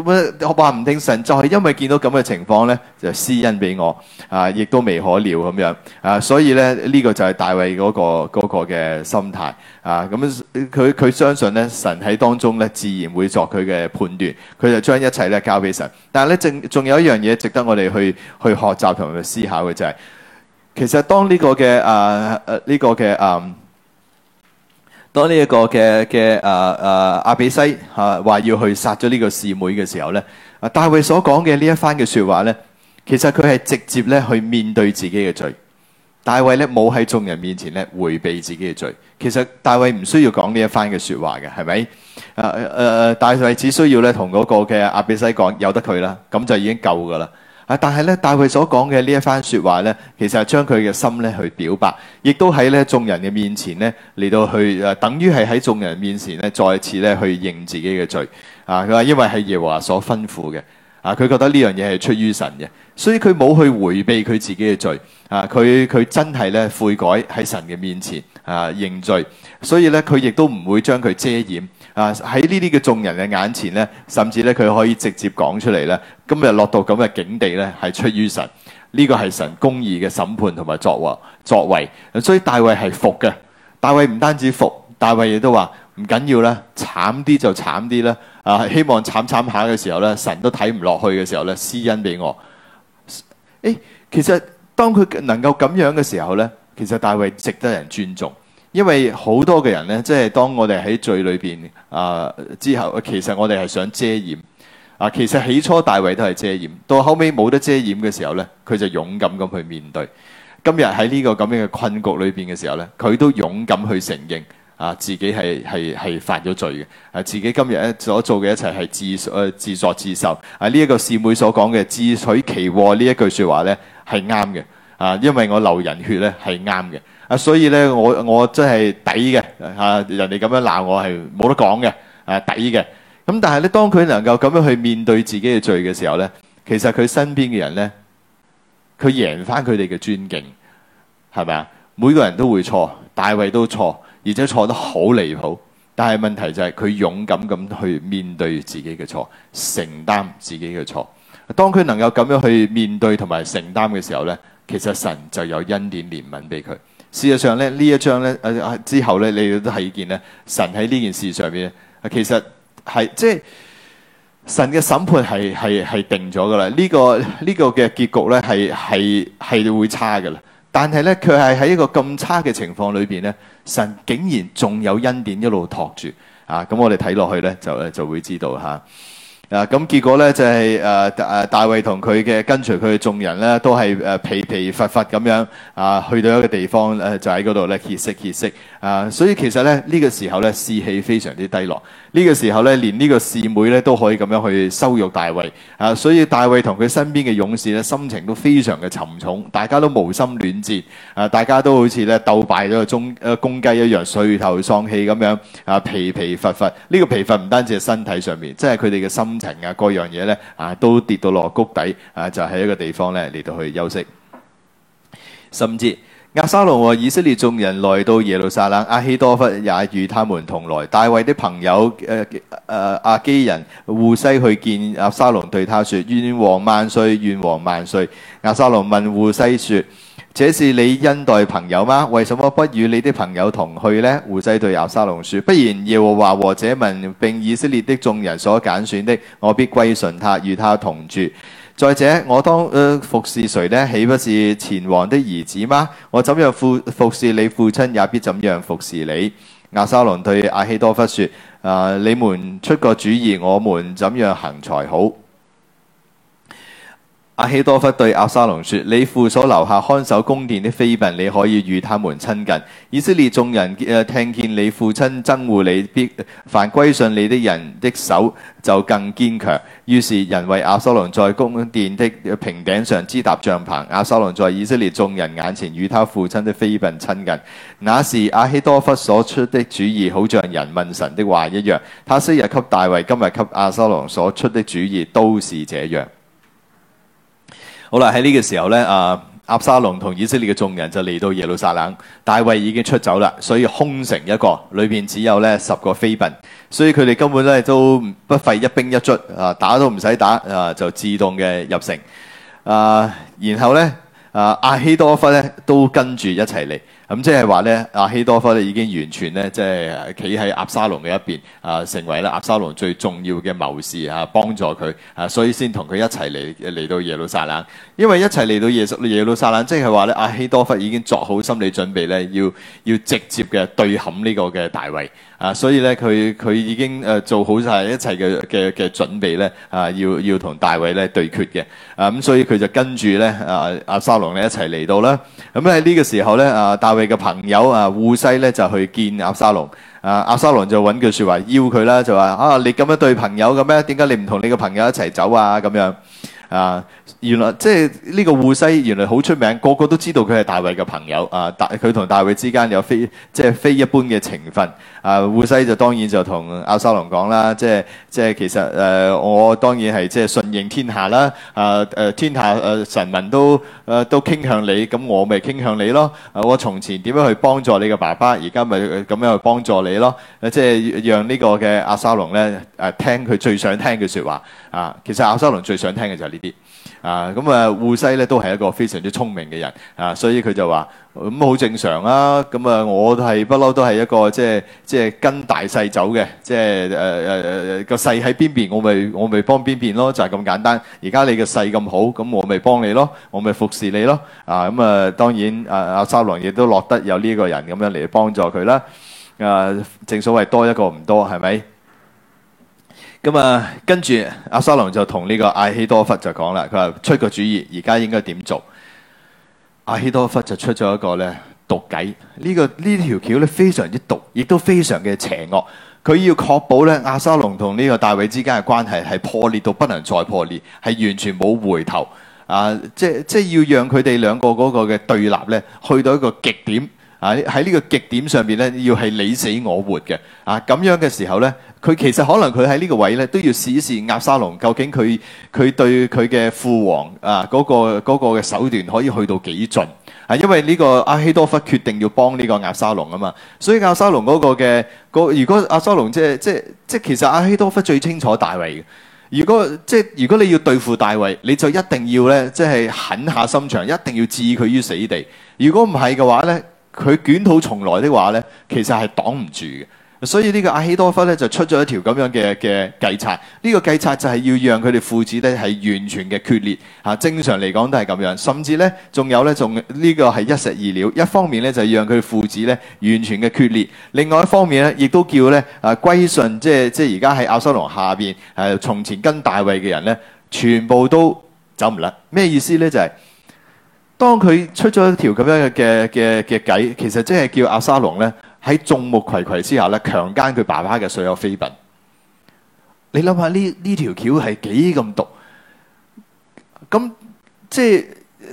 我話唔定神就係因為見到咁嘅情況咧，就施恩俾我啊，亦都未可料咁樣啊，所以咧呢、呢個就係大衛嗰、嗰個、嗰個嘅心態啊，咁佢佢相信咧神喺當中咧，自然會作佢嘅判斷，佢就將一切咧交俾神。但係咧正仲有一樣嘢值得我哋去去學習同埋思考嘅就係、是，其實當呢個嘅啊誒呢個嘅啊。啊這個當呢一個嘅嘅誒誒阿比西吓話、啊、要去殺咗呢個示每嘅時候咧，啊大衛所講嘅呢一番嘅說話咧，其實佢係直接咧去面對自己嘅罪。大衛咧冇喺眾人面前咧回避自己嘅罪。其實大衛唔需要講呢一番嘅說話嘅，係咪？誒誒誒，大衛只需要咧同嗰個嘅阿、啊、比西講，由得佢啦，咁就已經夠噶啦。啊！但係咧，大衛所講嘅呢一番說話咧，其實係將佢嘅心咧去表白，亦都喺咧眾人嘅面前咧嚟到去誒，等於係喺眾人面前咧再次咧去認自己嘅罪。啊，佢話因為係耶和華所吩咐嘅，啊，佢覺得呢樣嘢係出於神嘅，所以佢冇去回避佢自己嘅罪。啊，佢佢真係咧悔改喺神嘅面前啊認罪，所以咧佢亦都唔會將佢遮掩。啊！喺呢啲嘅眾人嘅眼前呢，甚至呢，佢可以直接講出嚟呢：今日落到咁嘅境地呢，係出於神，呢個係神公義嘅審判同埋作為作為。所以大衛係服嘅，大衛唔單止服，大衛亦都話唔緊要啦，慘啲就慘啲啦。啊，希望慘慘下嘅時候呢，神都睇唔落去嘅時候呢，施恩俾我。誒，其實當佢能夠咁樣嘅時候呢，其實大衛值得人尊重。因為好多嘅人呢，即係當我哋喺罪裏邊啊、呃、之後，其實我哋係想遮掩啊。其實起初大衛都係遮掩，到後尾冇得遮掩嘅時候呢，佢就勇敢咁去面對。今日喺呢個咁樣嘅困局裏邊嘅時候呢，佢都勇敢去承認啊自己係係犯咗罪嘅啊。自己今日所做嘅一切係自誒、呃、自作自受啊。呢、這、一個師妹所講嘅自取其禍呢一句說話呢，係啱嘅啊，因為我流人血呢，係啱嘅。所以咧，我我真係抵嘅吓，人哋咁樣鬧我係冇得講嘅，誒抵嘅。咁但係咧，當佢能夠咁樣去面對自己嘅罪嘅時候呢，其實佢身邊嘅人呢，佢贏翻佢哋嘅尊敬係咪啊？每個人都會錯，大衛都錯，而且錯得好離譜。但係問題就係佢勇敢咁去面對自己嘅錯，承擔自己嘅錯。當佢能夠咁樣去面對同埋承擔嘅時候呢，其實神就有恩典憐憫俾佢。事實上咧，呢一章咧誒、啊、之後咧，你都睇見咧，神喺呢件事上邊啊，其實係即係神嘅審判係係係定咗噶啦，呢個呢、呢個嘅結局咧係係係會差噶啦，但係咧，佢係喺一個咁差嘅情況裏邊咧，神竟然仲有恩典一路托住啊，咁我哋睇落去咧，就誒就會知道吓。啊啊！咁結果咧就係誒誒，大衛同佢嘅跟隨佢嘅眾人咧，都係誒疲疲乏乏咁樣啊，去到一個地方誒，就喺嗰度咧歇息歇息啊！所以其實咧呢個時候咧士氣非常之低落。呢個時候咧，連個師呢個示每咧都可以咁樣去羞辱大衛啊！所以大衛同佢身邊嘅勇士咧，心情都非常嘅沉重，大家都無心戀戰啊！大家都好似咧鬥敗咗個中誒公雞一樣，垂頭喪氣咁樣啊，疲疲乏乏。呢、這個疲乏唔單止係身體上面，即係佢哋嘅心情啊，各樣嘢咧啊，都跌到落谷底啊，就喺一個地方咧嚟到去休息，甚至。亞沙龍和以色列眾人來到耶路撒冷，阿希多弗也與他們同來。大衛的朋友誒誒亞基人戶西去見亞沙龍，對他說：願王萬歲，願王萬歲。亞沙龍問戶西說：這是你恩待朋友嗎？為什麼不與你的朋友同去呢？戶西對亞沙龍說：不然，耶和華和這民並以色列的眾人所揀選的，我必歸順他，與他同住。再者，我當誒、呃、服侍誰呢？豈不是前王的兒子嗎？我怎樣服服侍你父親，也必怎樣服侍你。亞沙龍對亞希多弗說，誒、呃，你們出個主意，我們怎樣行才好？阿希多弗對阿沙龍說：你父所留下看守宮殿的妃嬪，你可以與他們親近。以色列眾人誒、呃、聽見你父親憎惡你，必凡歸順你的人的手就更堅強。於是人為阿沙龍在宮殿的平頂上支搭帳篷。阿沙龍在以色列眾人眼前與他父親的妃嬪親近。那時阿希多弗所出的主意，好像人問神的話一樣。他昔日給大衛，今日給阿沙龍所出的主意，都是這樣。好啦，喺呢個時候咧，阿、啊、押沙龍同以色列嘅眾人就嚟到耶路撒冷，大衛已經出走啦，所以空城一個，裏邊只有咧十個妃嬪，所以佢哋根本咧都不費一兵一卒，啊打都唔使打，啊就自動嘅入城，啊然後咧，啊亞希多弗咧都跟住一齊嚟。咁即係話咧，阿希多弗已經完全咧，即係企喺阿沙龍嘅一邊，啊，成為咧阿沙龍最重要嘅謀士啊，幫助佢啊，所以先同佢一齊嚟嚟到耶路撒冷。因為一齊嚟到耶路耶路撒冷，即係話咧，阿希多弗已經作好心理準備咧，要要直接嘅對冚呢個嘅大衛啊，所以咧佢佢已經誒做好晒一齊嘅嘅嘅準備咧啊，要要同大衛咧對決嘅啊，咁所以佢就跟住咧啊阿沙龍咧一齊嚟到啦。咁喺呢個時候咧啊佢嘅朋友啊，護西咧就去見阿沙龍。啊， 亞沙龍就揾句說話，要佢啦，就話：“啊，你咁樣對朋友嘅咩？點解你唔同你嘅朋友一齊走啊？咁樣。啊？原來即係呢、這個戶篩，原來好出名，個個都知道佢係大衛嘅朋友啊！大佢同大衛之間有非即係非一般嘅情分啊！戶篩就當然就同押沙龍講啦，即係即係其實誒、呃，我當然係即係順應天下啦！啊誒，天下誒臣民都誒、呃、都傾向你，咁我咪傾向你咯！啊、我從前點樣去幫助你嘅爸爸，而家咪咁樣去幫助你咯！啊、即係讓個阿沙龍呢個嘅押沙龍咧誒，聽佢最想聽嘅説話啊！其實押沙龍最想聽嘅就係呢啲。啊，咁啊，戶篩咧都係一個非常之聰明嘅人啊，所以佢就話：咁好正常啦。咁啊，我都係不嬲都係一個即係即係跟大勢走嘅，即係誒誒誒個勢喺邊邊，我咪我咪幫邊邊咯，就係咁簡單。而家你個勢咁好，咁我咪幫你咯，我咪服侍你咯。啊，咁啊，當然啊，押沙龍亦都落得有呢個人咁樣嚟幫助佢啦。啊，正所謂多一個唔多，係咪？咁啊，跟住阿撒龍就同呢個阿希多弗就講啦，佢話，出個主意，而家應該點做？阿希多弗就出咗一個咧毒計，這個、條條呢個呢條橋咧非常之毒，亦都非常嘅邪惡。佢要確保咧阿撒龍同呢個大衛之間嘅關係係破裂到不能再破裂，係完全冇回頭啊！即係即係要讓佢哋兩個嗰個嘅對立咧去到一個極點。啊！喺呢個極點上邊咧，要係你死我活嘅啊！咁樣嘅時候咧，佢其實可能佢喺呢個位咧都要試一試押沙龍，究竟佢佢對佢嘅父王啊嗰、嗰個嘅、嗰個、手段可以去到幾盡啊？因為呢個阿希多弗決定要幫呢個押沙龍啊嘛，所以押沙龍嗰個嘅如果押沙龍即係即係即係其實阿希多弗最清楚大衛嘅。如果即係、即係、如果你要對付大衛，你就一定要咧即係狠下心腸，一定要置佢於死地。如果唔係嘅話咧～佢捲土重來的話呢，其實係擋唔住嘅。所以呢個亞希多弗咧就出咗一條咁樣嘅嘅計策。呢、這個計策就係要讓佢哋父子呢係完全嘅決裂。嚇、啊，正常嚟講都係咁樣。甚至呢仲有咧，仲呢、這個係一石二鳥。一方面呢，就係、是、讓佢哋父子呢完全嘅決裂；另外一方面呢，亦都叫呢啊歸順，即係即係而家喺押沙龍下邊，誒、啊、從前跟大衛嘅人呢，全部都走唔甩。咩意思呢？就係、是。當佢出咗條咁樣嘅嘅嘅計，其實即係叫押沙龍呢，喺眾目睽睽之下咧強姦佢爸爸嘅所有妃嬪。你諗下呢，呢條橋係幾咁毒？咁即係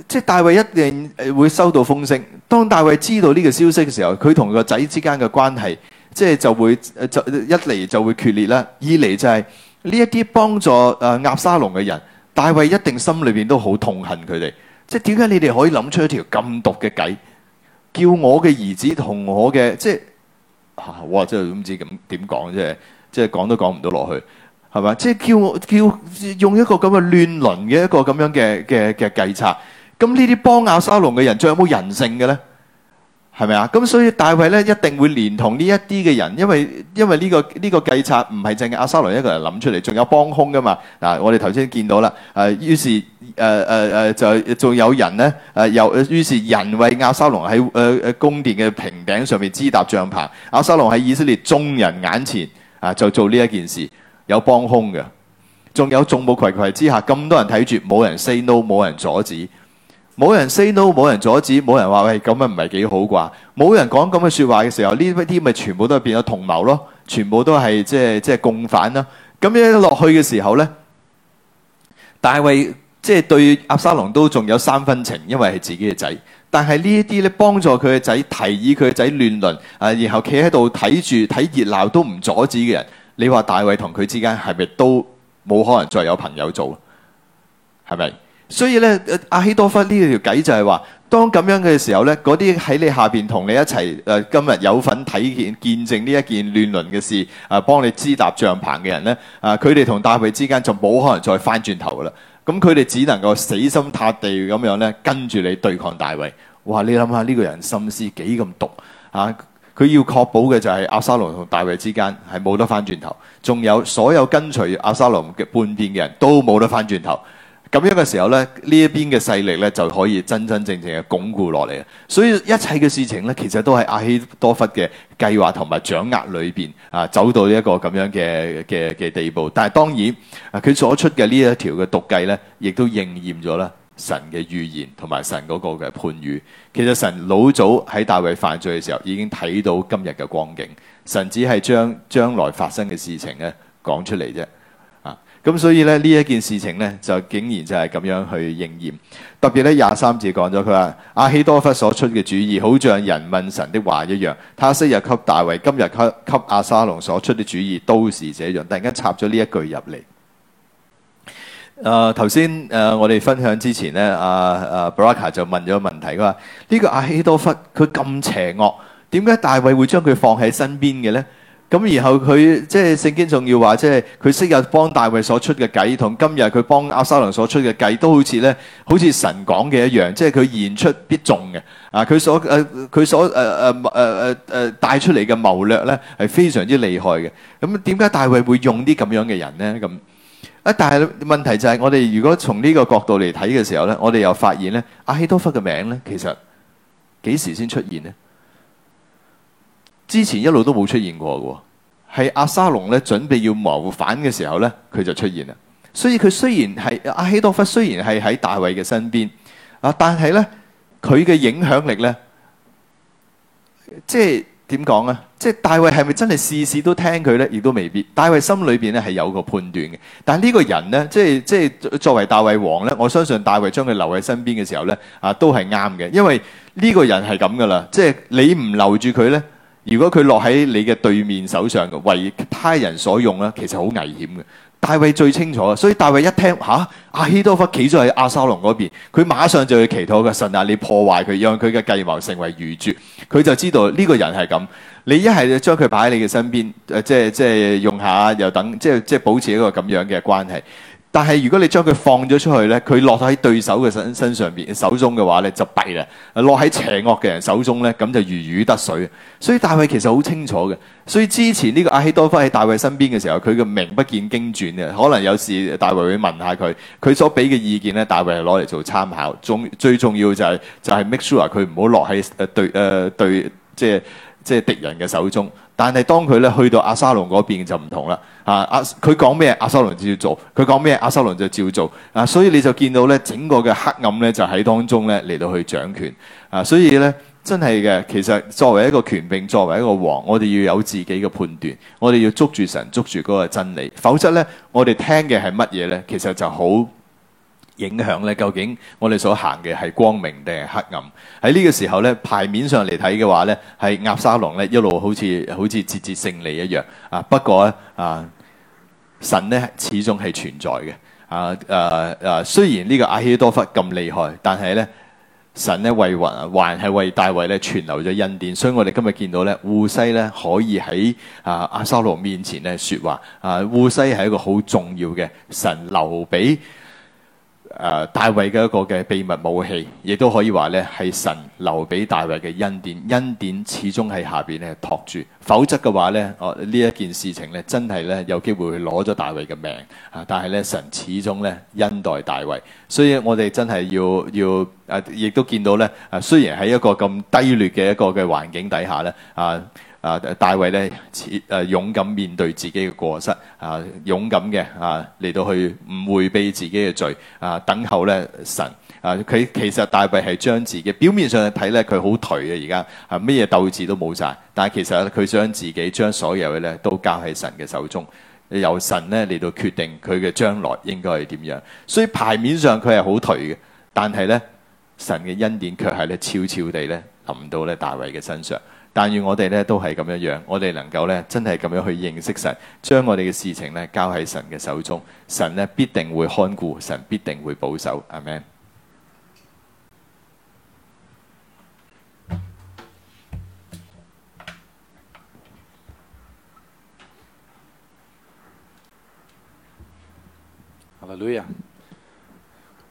即係大衛一定誒會收到風聲。當大衛知道呢個消息嘅時候，佢同個仔之間嘅關係即係就會就一嚟，就會決裂啦。二嚟就係呢一啲幫助誒押沙龍嘅人，大衛一定心裏邊都好痛恨佢哋。即係點解你哋可以諗出一條咁毒嘅計？叫我嘅兒子同我嘅即係嚇，哇！真係唔知點點講，即係即係講都講唔到落去，係咪？即係叫我叫用一個咁嘅亂倫嘅一個咁樣嘅嘅嘅計策，咁呢啲幫押沙龍嘅人，仲有冇人性嘅咧？係咪啊？咁所以大衛咧，一定會連同呢一啲嘅人，因為因為呢、呢個呢、呢個計策唔係淨係押沙龍一個人諗出嚟，仲有幫凶噶嘛嗱、啊。我哋頭先見到啦，誒、呃，於是誒誒誒，就仲有人咧，誒、呃、有，於是人為押沙龍喺誒誒宮殿嘅平頂上面支搭帳棚，押沙龍喺以色列眾人眼前啊，就做呢一件事，有幫凶嘅，仲有眾目睽睽之下咁多人睇住，冇人 say no，冇人阻止。冇人 say no，冇人阻止，冇人話，喂，咁啊唔係幾好啩？冇人講咁嘅說話嘅時候，呢啲咪全部都係變咗同謀咯，全部都係即係即係共犯啦。咁樣落去嘅時候呢，大衛即係對押沙龍都仲有三分情，因為係自己嘅仔。但係呢一啲咧，幫助佢嘅仔提議佢嘅仔亂倫啊，然後企喺度睇住睇熱鬧都唔阻止嘅人，你話大衛同佢之間係咪都冇可能再有朋友做？係咪？所以咧，阿、啊、希多弗呢條計就係話，當咁樣嘅時候咧，嗰啲喺你下邊同你一齊，誒、啊、今日有份睇見見證呢一件亂倫嘅事，誒、啊、幫你支搭帳棚嘅人咧，誒、佢哋同大衛之間就冇可能再翻轉頭噶啦。咁佢哋只能夠死心塌地咁樣咧跟住你對抗大衛。哇！你諗下呢個人心思幾咁毒啊！佢要確保嘅就係押沙龍同大衛之間係冇得翻轉頭，仲有所有跟隨押沙龍嘅半邊嘅人都冇得翻轉頭。咁樣嘅時候咧，呢一邊嘅勢力咧就可以真真正正嘅鞏固落嚟。所以一切嘅事情呢，其實都係亞希多弗嘅計劃同埋掌握裏邊啊，走到一個咁樣嘅嘅嘅地步。但係當然啊，佢所出嘅呢一條嘅毒計呢，亦都應驗咗啦。神嘅預言同埋神嗰個嘅判語，其實神老早喺大衛犯罪嘅時候，已經睇到今日嘅光景。神只係將將，將來發生嘅事情呢講出嚟啫。咁所以咧，呢一件事情呢，就竟然就係咁樣去應驗，特別咧廿三節講咗佢話阿希多弗所出嘅主意，好像人問神的話一樣。他昔日給大衛，今日給給押沙龍所出的主意都是這樣，突然間插咗呢一句入嚟。誒、呃，頭先誒，我哋分享之前咧，阿阿布拉卡就問咗個問題，佢話呢個阿希多弗佢咁邪惡，點解大衛會將佢放喺身邊嘅呢？」咁然後佢即係聖經仲要話，即係佢昔日幫大衛所出嘅計，同今日佢幫押沙龍所出嘅計，都好似咧，好似神講嘅一樣，即係佢言出必中嘅。啊，佢所誒佢所誒誒誒誒帶出嚟嘅謀略咧，係非常之厲害嘅。咁點解大衛會用啲咁樣嘅人咧？咁啊，但係問題就係我哋如果從呢個角度嚟睇嘅時候咧，我哋又發現咧，亞希多弗嘅名咧，其實幾時先出現呢？之前一路都冇出現過嘅，係阿沙龍咧準備要謀反嘅時候咧，佢就出現啦。所以佢雖然係阿希多弗，雖然係喺大衛嘅身邊啊，但係咧佢嘅影響力咧，即係點講啊？即係大衛係咪真係事事都聽佢咧？亦都未必，大衛心裏邊咧係有個判斷嘅。但係呢個人咧，即係即係作為大衛王咧，我相信大衛將佢留喺身邊嘅時候咧啊，都係啱嘅，因為呢個人係咁噶啦，即係你唔留住佢咧。如果佢落喺你嘅對面手上，為他人所用咧，其實好危險嘅。大衛最清楚，所以大衛一聽吓，阿、啊啊、希多弗企咗喺押沙龍嗰邊，佢馬上就要祈禱嘅神啊！你破壞佢，讓佢嘅計謀成為愚拙。佢就知道呢個人係咁，你一係就將佢擺喺你嘅身邊，誒、呃，即係即係用下又等，即係即係保持一個咁樣嘅關係。但係如果你將佢放咗出去呢，佢落喺對手嘅身身上邊、手中嘅話呢，就弊啦。落喺邪惡嘅人手中呢，咁就如魚得水。所以大衛其實好清楚嘅。所以之前呢個亞希多弗喺大衛身邊嘅時候，佢嘅名不見經傳嘅，可能有時大衛會問下佢，佢所俾嘅意見呢，大衛係攞嚟做參考。最最重要就係，就係 make sure 佢唔好落喺誒對誒對，即係即係敵人嘅手中。但係當佢咧去到押沙龍嗰邊就唔同啦，啊，阿佢講咩，押沙龍就要做；佢講咩，押沙龍就照做。啊，所以你就見到咧，整個嘅黑暗咧就喺當中咧嚟，到去掌權。啊，所以咧真係嘅，其實作為一個權柄，作為一個王，我哋要有自己嘅判斷，我哋要捉住神，捉住嗰個真理，否則咧我哋聽嘅係乜嘢咧，其實就好。影響咧，究竟我哋所行嘅係光明定係黑暗？喺呢個時候咧，牌面上嚟睇嘅話咧，係押沙龍咧一路好似好似節節勝利一樣。啊，不過咧啊，神咧始終係存在嘅。啊誒誒、啊，雖然呢個亞希多弗咁厲害，但係咧神咧為王，還係為大衛咧存留咗恩典。所以我哋今日見到咧，戶篩咧可以喺啊押沙龍面前咧說話。啊，戶篩係一個好重要嘅神留俾。誒、呃，大衛嘅一個嘅秘密武器，亦都可以話呢係神留俾大衛嘅恩典，恩典始終喺下邊咧托住，否則嘅話呢，哦、呃、呢一件事情呢真係呢有機會去攞咗大衛嘅命啊！但係呢，神始終呢恩待大衛，所以我哋真係要要誒，亦、啊、都見到咧，雖然喺一個咁低劣嘅一個嘅環境底下呢。啊。啊！大衛咧，誒、啊、勇敢面對自己嘅過失，啊勇敢嘅啊嚟到去唔回避自己嘅罪，啊等候咧神啊佢其實大衛係將自己表面上嚟睇咧，佢好頹啊而家，係乜嘢鬥志都冇晒。但係其實佢將自己將所有嘅咧都交喺神嘅手中，由神咧嚟到決定佢嘅將來應該係點樣。所以牌面上佢係好頹嘅，但係咧神嘅恩典卻係咧悄悄地咧臨到咧大衛嘅身上。但願我哋呢都係咁樣樣，我哋能夠呢真係咁樣去認識神，將我哋嘅事情呢交喺神嘅手中，神呢必定會看顧，神必定會保守。阿門。哈利路亞。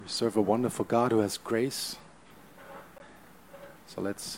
We serve a wonderful God who has grace. So let's.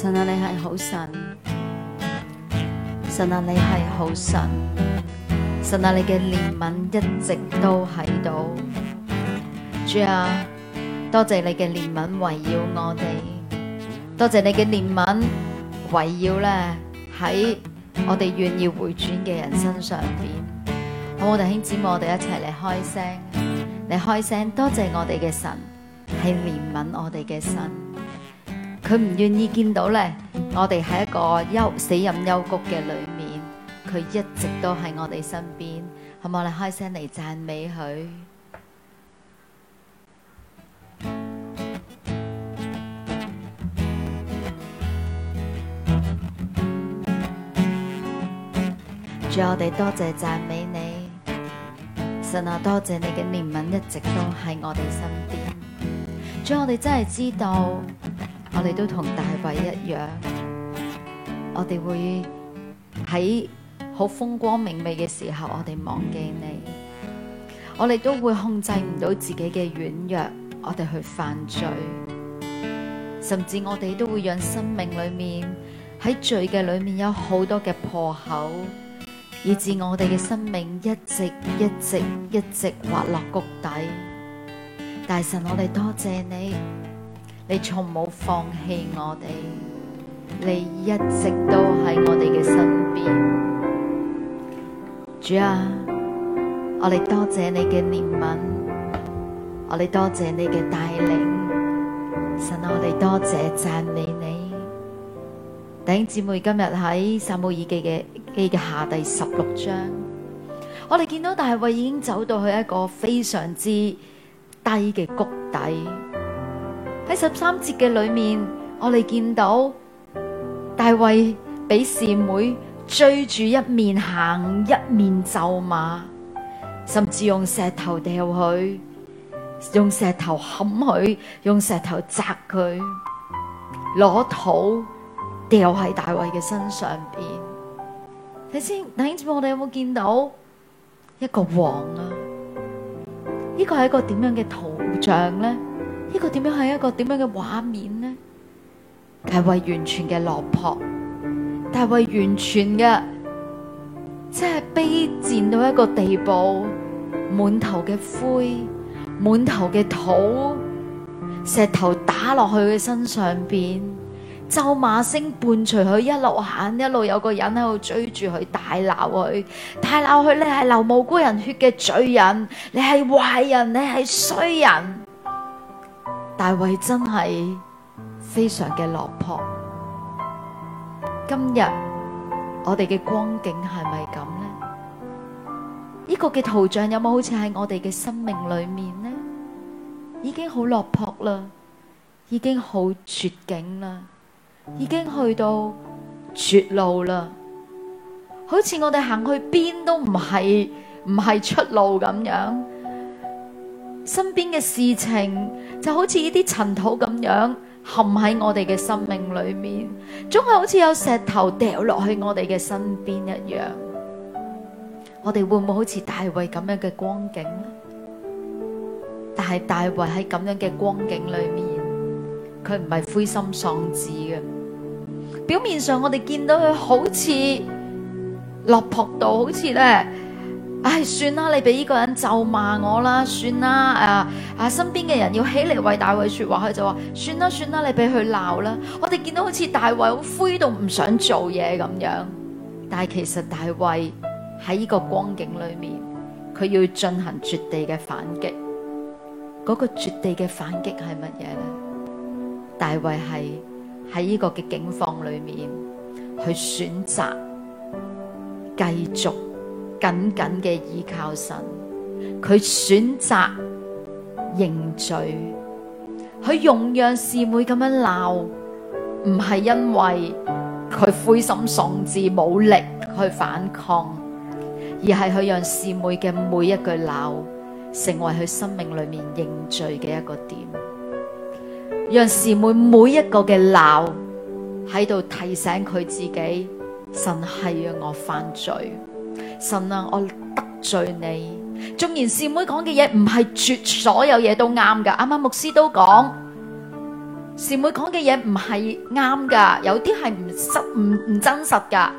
神啊，你係好神！神啊，你係好神！神啊，你嘅憐憫一直都喺度。主啊，多謝你嘅憐憫圍繞我哋，多謝你嘅憐憫圍繞咧喺我哋願意回轉嘅人身上面。好，我哋弟兄姊妹，我哋一齊嚟開聲，嚟開聲，多謝我哋嘅神係憐憫我哋嘅神。佢唔願意見到咧，我哋喺一個幽死蔭幽谷嘅裏面，佢一直都喺我哋身邊，好冇？我哋開聲嚟讚美佢，主我哋多謝讚美你，神啊，多謝你嘅憐憫，一直都喺我哋身邊，主我哋真係知道。我哋都同大衛一樣，我哋會喺好風光明媚嘅時候，我哋忘記你；我哋都會控制唔到自己嘅軟弱，我哋去犯罪，甚至我哋都會讓生命裏面喺罪嘅裏面有好多嘅破口，以致我哋嘅生命一直、一直一直一直滑落谷底。大神，我哋多謝你。你從冇放棄我哋，你一直都喺我哋嘅身邊，主啊，我哋多謝你嘅憐憫，我哋多謝你嘅帶領，神，我哋多謝讚美你。弟兄姊妹，今日喺撒母耳記嘅記嘅下第十六章，我哋見到大衛已經走到去一個非常之低嘅谷底。喺十三節嘅裏面，我哋見到大衛俾示每追住一面行一面咒罵，甚至用石頭掉佢，用石頭冚佢，用石頭砸佢，攞土掉喺大衛嘅身上邊。睇先，睇住我哋有冇見到一個王啊？呢個係一個點樣嘅圖像咧？呢個點樣係一個點樣嘅畫面呢？係大衛完全嘅落魄，但係大衛完全嘅，即係卑賤到一個地步，滿頭嘅灰，滿頭嘅土，石頭打落去佢身上邊，咒罵聲伴隨佢一路行，一路有個人喺度追住佢大鬧佢，大鬧佢，你係流無辜人血嘅罪人，你係壞人，你係衰人。大衛真係非常嘅落魄。今日我哋嘅光景係咪咁呢？呢個嘅圖像有冇好似喺我哋嘅生命裏面呢？已經好落魄啦，已經好絕境啦，已經去到絕路啦，好似我哋行去邊都唔係唔係出路咁樣。身邊嘅事情就好似呢啲塵土咁樣陷喺我哋嘅生命裏面，總係好似有石頭掉落去我哋嘅身邊一樣。我哋會唔會好似大衛咁樣嘅光景？但係大衛喺咁樣嘅光景裏面，佢唔係灰心喪志嘅。表面上我哋見到佢好似落魄到好似咧。唉，算啦，你俾呢個人咒罵我啦，算啦，啊啊，身邊嘅人要起嚟為大衛說話，佢就話算啦，算啦，你俾佢鬧啦。我哋見到好似大衛好灰到唔想做嘢咁樣，但係其實大衛喺呢個光景裏面，佢要進行絕地嘅反擊。嗰個絕地嘅反擊係乜嘢咧？大衛係喺呢個嘅境況裏面去選擇繼續。緊緊嘅依靠神，佢選擇認罪，佢容讓示每咁樣鬧，唔係因為佢灰心喪志冇力去反抗，而係佢讓示每嘅每一句鬧成為佢生命裏面認罪嘅一個點，讓示每每一個嘅鬧喺度提醒佢自己，真係啊我犯罪。神啊，我得罪你。縱然善妹講嘅嘢唔係絕所有嘢都啱噶，啱啱牧師都講，善妹講嘅嘢唔係啱噶，有啲係唔實唔唔真實噶，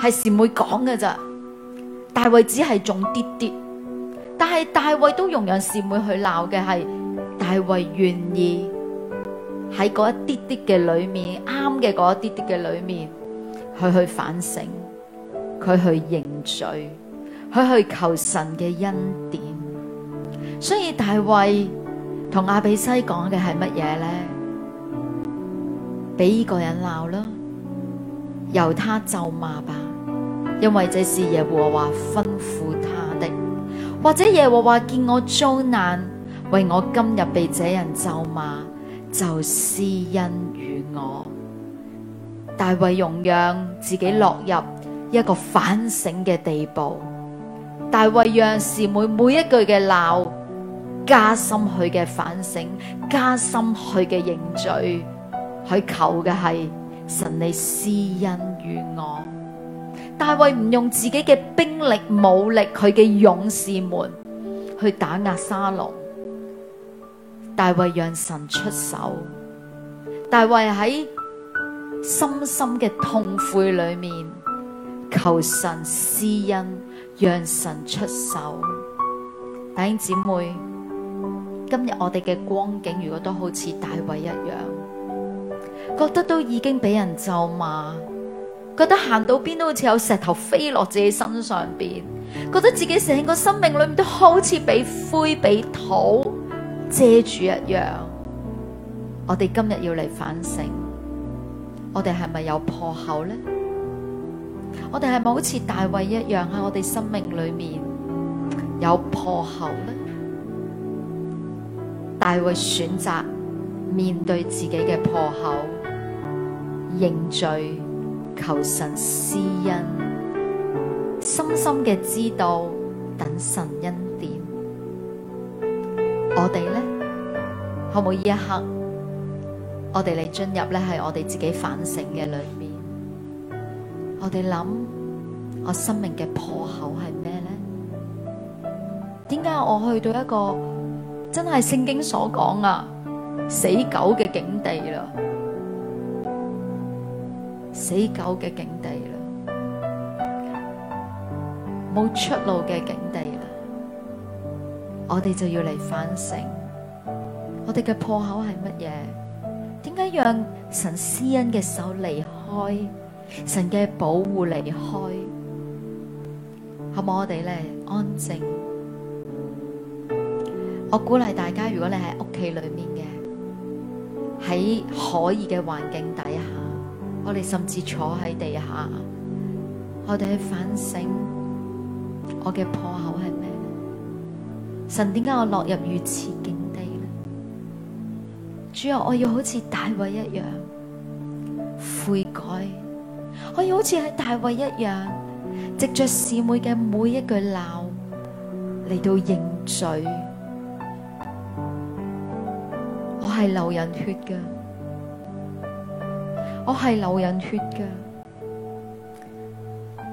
係善妹講嘅咋。大衛只係仲啲啲，但係大衛都容忍善妹去鬧嘅係，大衛願意喺嗰一啲啲嘅裏面，啱嘅嗰一啲啲嘅裏面去去反省。佢去認罪，佢去求神嘅恩典。所以大衛同阿比西講嘅係乜嘢咧？俾呢個人鬧啦，由他咒罵吧，因為這是耶和華吩咐他的。或者耶和華見我遭難，為我今日被這人咒罵，就施恩與我。大衛容讓自己落入。一個反省嘅地步，大衛讓示每每一句嘅鬧加深佢嘅反省，加深佢嘅認罪，佢求嘅係神你施恩於我。大衛唔用自己嘅兵力武力，佢嘅勇士們去打壓沙龍，大衛讓神出手，大衛喺深深嘅痛悔裏面。求神施恩，讓神出手。弟兄姊妹，今日我哋嘅光景，如果都好似大衛一樣，覺得都已經俾人咒罵，覺得行到邊都好似有石頭飛落自己身上邊，覺得自己成個生命裏面都好似俾灰俾土遮住一樣。我哋今日要嚟反省，我哋係咪有破口咧？我哋係咪好似大衛一樣，喺我哋生命裏面有破口咧？大衛選擇面對自己嘅破口，認罪求神施恩，深深嘅知道等神恩典。我哋咧可唔可以一刻，我哋嚟進入咧，係我哋自己反省嘅裏面，我哋諗。我生命嘅破口係咩呢？點解我去到一個真係聖經所講啊死狗嘅境地啦，死狗嘅境地啦，冇出路嘅境地啦。我哋就要嚟反省，我哋嘅破口係乜嘢？點解讓神施恩嘅手離開，神嘅保護離開？好冇，我哋咧安靜。我鼓勵大家，如果你喺屋企裏面嘅，喺可以嘅環境底下，我哋甚至坐喺地下，我哋去反省我嘅破口係咩？神點解我落入如此境地呢？主要我要好似大衛一樣悔改，我要好似喺大衛一樣。藉着姊妹嘅每一句鬧嚟到認罪，我係流人血噶，我係流人血噶，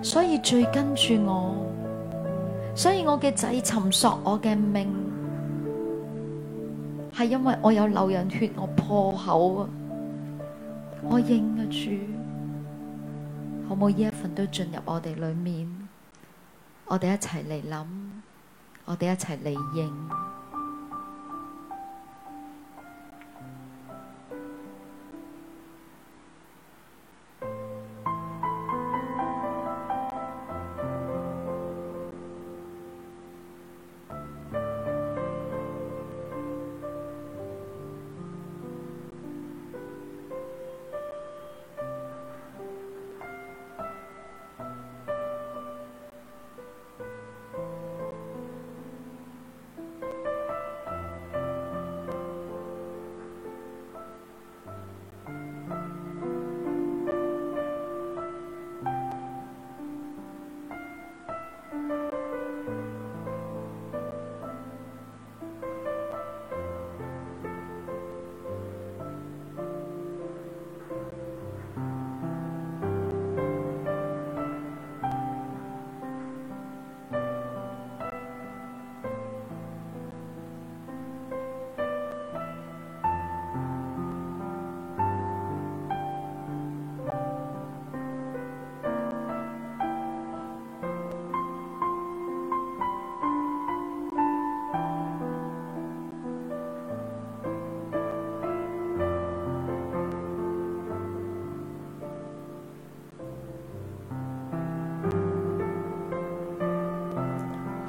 所以最跟住我，所以我嘅仔尋索我嘅命，係因為我有流人血，我破口啊，我認啊住。好冇，呢一份都進入我哋裡面，我哋一齊嚟諗，我哋一齊嚟應。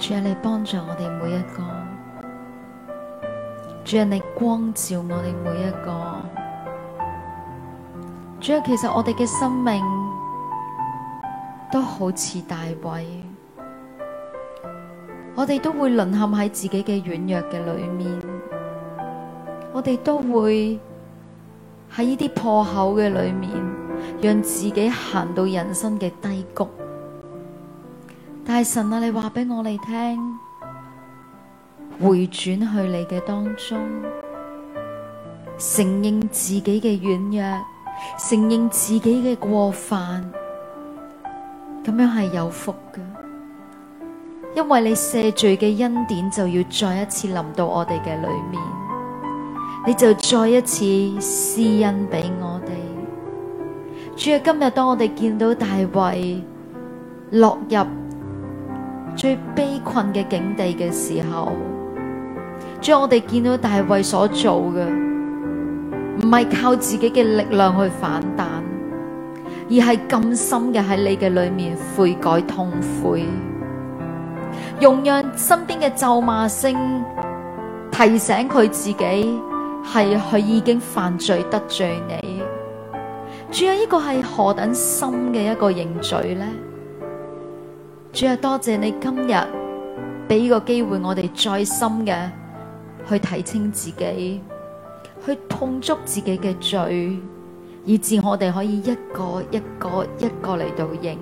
主啊，你幫助我哋每一個；主啊，你光照我哋每一個；主啊，其實我哋嘅生命都好似大衛，我哋都會淪陷喺自己嘅軟弱嘅裏面，我哋都會喺呢啲破口嘅裏面，讓自己行到人生嘅低谷。大神啊！你話俾我哋聽，回轉去你嘅當中，承認自己嘅軟弱，承認自己嘅過犯，咁樣係有福嘅，因為你赦罪嘅恩典就要再一次臨到我哋嘅裏面，你就再一次施恩俾我哋。主啊，今日當我哋見到大衛落入最悲困嘅境地嘅時候，主啊，我哋見到大衛所做嘅，唔係靠自己嘅力量去反彈，而係咁深嘅喺你嘅裏面悔改痛悔，容讓身邊嘅咒罵聲提醒佢自己係佢已經犯罪得罪你，主啊，呢個係何等深嘅一個認罪呢？主啊，多謝你今日俾個機會我哋再深嘅去睇清自己，去痛足自己嘅罪，以至我哋可以一個一個一個嚟到認。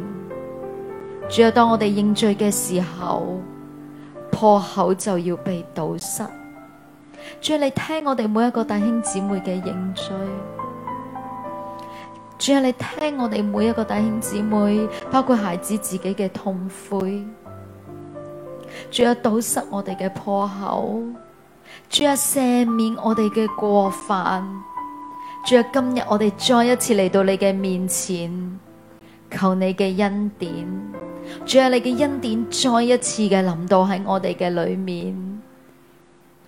主啊，當我哋認罪嘅時候，破口就要被堵塞。主啊，你聽我哋每一個弟兄姊妹嘅認罪。仲有你聽我哋每一個弟兄姊妹，包括孩子自己嘅痛悔；仲有堵塞我哋嘅破口；仲有赦免我哋嘅過犯；仲有今日我哋再一次嚟到你嘅面前，求你嘅恩典；仲有你嘅恩典再一次嘅臨到喺我哋嘅裏面；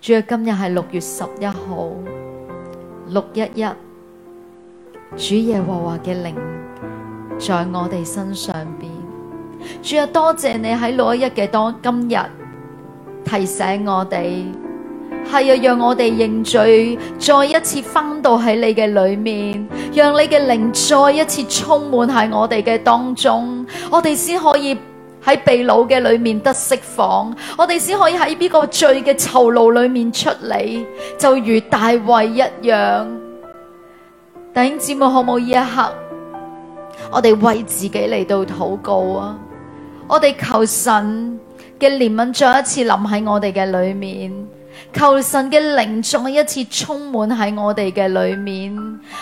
仲有今日係六月十一號，六一一。主耶和華嘅靈在我哋身上邊，主啊，多謝你喺六一嘅當今日提醒我哋，係啊，讓我哋認罪，再一次翻到喺你嘅裏面，讓你嘅靈再一次充滿喺我哋嘅當中，我哋先可以喺被擄嘅裏面得釋放，我哋先可以喺呢個罪嘅囚牢裏面出嚟，就如大衛一樣。弟兄姊妹，好冇依一刻，我哋為自己嚟到禱告啊！我哋求神嘅憐憫再一次臨喺我哋嘅裏面，求神嘅靈再一次充滿喺我哋嘅裏面，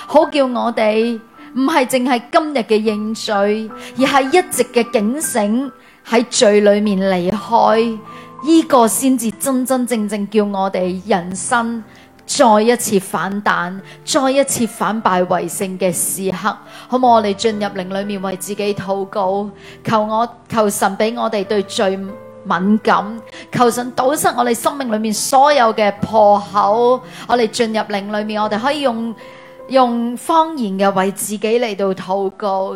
好叫我哋唔係淨係今日嘅應罪，而係一直嘅警醒喺罪裏面離開，呢、這個先至真真正正叫我哋人生。再一次反彈，再一次反敗為勝嘅時刻，好冇？我哋進入靈裏面為自己禱告，求我求神俾我哋對罪敏感，求神堵塞我哋生命裏面所有嘅破口，我哋進入靈裏面，我哋可以用用方言嘅為自己嚟到禱告。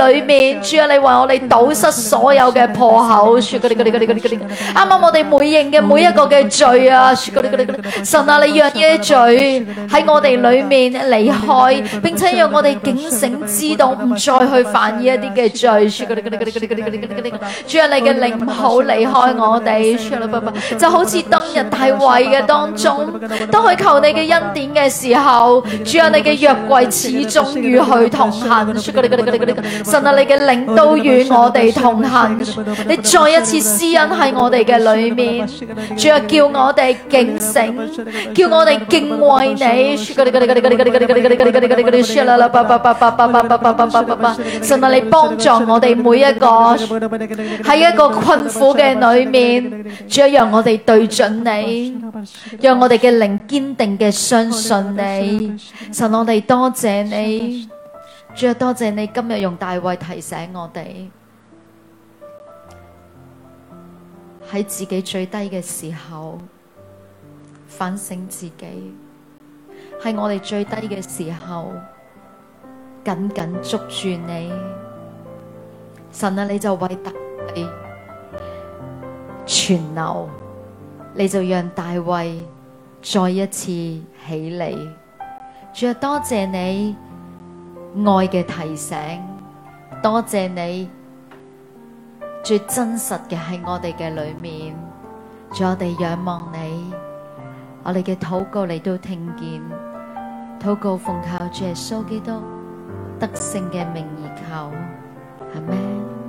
裏面，主啊，你為我哋堵塞所有嘅破口，啱啱 我哋每認嘅每一個嘅罪啊， 神啊，你讓呢啲罪喺我哋裏面離開，並且讓我哋警醒知道唔再去犯呢一啲嘅罪。 主啊，你嘅靈唔好離開我哋， 就好似當日大衛嘅當中，當佢求你嘅恩典嘅時候，主啊，你嘅約櫃始終與佢同行。 神啊，你嘅靈都與我哋同行，你再一次施恩喺我哋嘅裏面，仲要，叫我哋警醒，叫我哋敬畏你。神啊，你幫助我哋每一個喺一個困苦嘅裏面，仲要，讓我哋對準你，讓我哋嘅靈堅定嘅相信,信你。神啊，我哋多謝你。主啊，多謝你今日用大衛提醒我哋，喺自己最低嘅時候反省自己，喺我哋最低嘅時候緊緊捉住你，神啊，你就為特你存留，你就讓大衛再一次起嚟。主啊，多謝你。愛嘅提醒，多謝你最真實嘅喺我哋嘅裏面，讓我哋仰望你，我哋嘅禱告你都聽見，禱告奉靠耶穌基督得勝嘅名而求，阿門。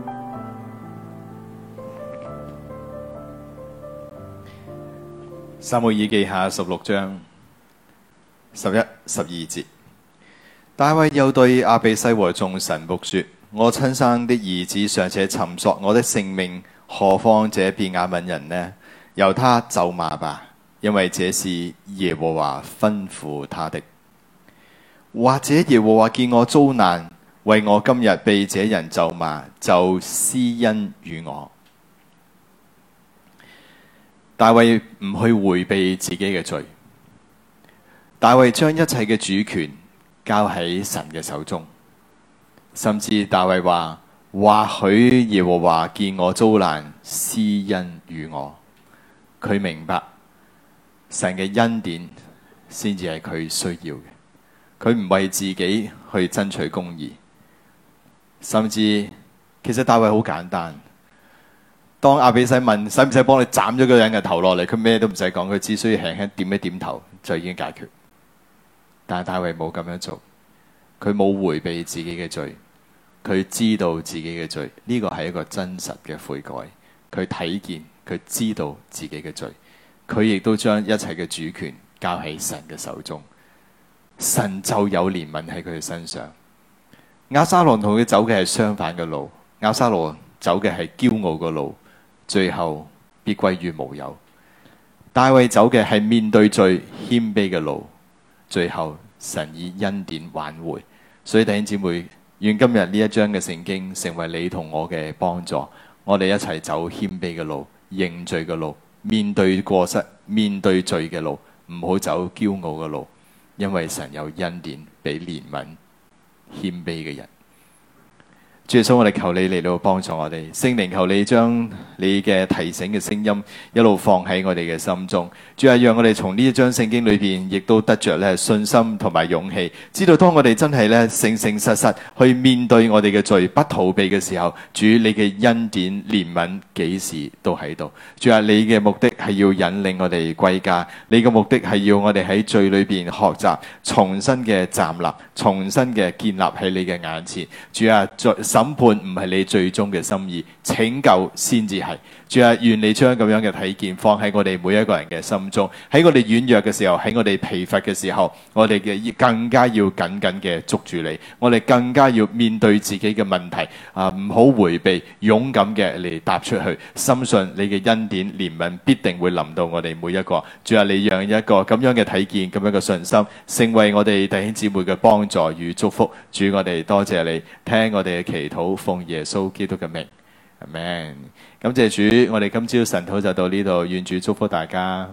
撒母耳記下十六章十一、十二節。大衛又對阿比西和眾神僕說：我親生的兒子尚且尋索我的性命，何況這便雅憫人呢？由他咒罵吧，因為這是耶和華吩咐他的。或者耶和華見我遭難，為我今日被這人咒罵，就施恩與我。大衛唔去回避自己嘅罪，大衛將一切嘅主權。交喺神嘅手中，甚至大衛話，話，或許耶和華見我遭難，施恩與我。佢明白神嘅恩典先至係佢需要嘅。佢唔為自己去爭取公義，甚至其實大衛好簡單。當亞比篩問使唔使幫你斬咗嗰人嘅頭落嚟，佢咩都唔使講，佢只需要輕輕點一點頭就已經解決。但係大衛冇咁樣做，佢冇回避自己嘅罪，佢知道自己嘅罪，呢個係一個真實嘅悔改。佢睇見，佢知道自己嘅罪，佢亦都將一切嘅主權交喺神嘅手中，神就有憐憫喺佢嘅身上。亞撒羅同佢走嘅係相反嘅路，亞撒羅走嘅係驕傲嘅路，最後必歸於無有。大衛走嘅係面對最謙卑嘅路。最後神以恩典挽回，所以弟兄姊妹，願今日呢一章嘅聖經成為你同我嘅幫助，我哋一齊走謙卑嘅路、認罪嘅路、面對過失、面對罪嘅路，唔好走驕傲嘅路，因為神有恩典俾憐憫謙卑嘅人。主啊，所以我哋求你嚟到幫助我哋，聖靈求你將你嘅提醒嘅聲音一路放喺我哋嘅心中。主啊，讓我哋從呢一章聖經裏邊，亦都得着咧信心同埋勇氣。知道當我哋真係咧誠誠實實去面對我哋嘅罪，不逃避嘅時候，主你嘅恩典憐憫幾時都喺度。主啊，你嘅目的係要引領我哋歸家，你嘅目的係要我哋喺罪裏邊學習，重新嘅站立，重新嘅建立喺你嘅眼前。主啊，主審判唔係你最終嘅心意，拯救先至係。主啊，願你將咁樣嘅體見放喺我哋每一個人嘅心中，喺我哋軟弱嘅時候，喺我哋疲乏嘅時候，我哋嘅要更加要緊緊嘅捉住你，我哋更加要面對自己嘅問題啊，唔好回避，勇敢嘅嚟踏出去，深信你嘅恩典、憐憫必定會臨到我哋每一個。主啊，你讓一個咁樣嘅體見，咁樣嘅信心，成為我哋弟兄姊妹嘅幫助與祝福。主，我哋多謝你，聽我哋嘅祈禱，奉耶穌基督嘅名。阿們，感謝主，我哋今朝晨讀就到呢度，願主祝福大家。